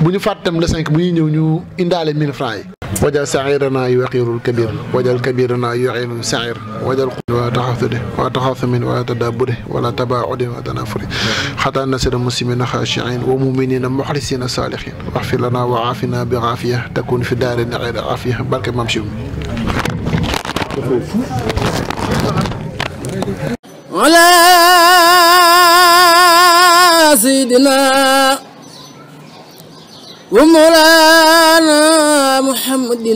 bu ñu fàttam le cinq bu ñuy ñëw ñu indaale mille francs yi. wajal saxiranaa yu waxirul kabir wajal kabiranaa yu waxirul saxir wajal xul waa taxaftude waa taxafamin waa tadaabude wala tabaaxude waa tanafuri xataa nasira muslimina xaashiin wa muminina a saalixin wax fi lanaa wa aafina bi xaafiya takun fi daare ni xeer aafiya على سيدنا ومولانا محمد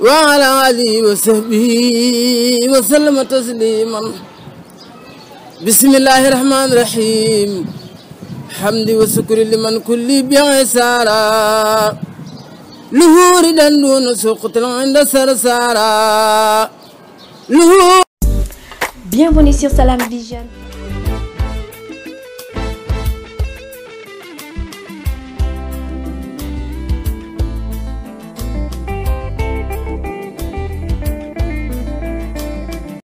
وعلى آله وصحبه وسلم تسليما بسم الله الرحمن الرحيم حمد وشكر لمن كل بعسارة li لهور دندون سقط عند سرسارا Bienvenue sur Salam Vision.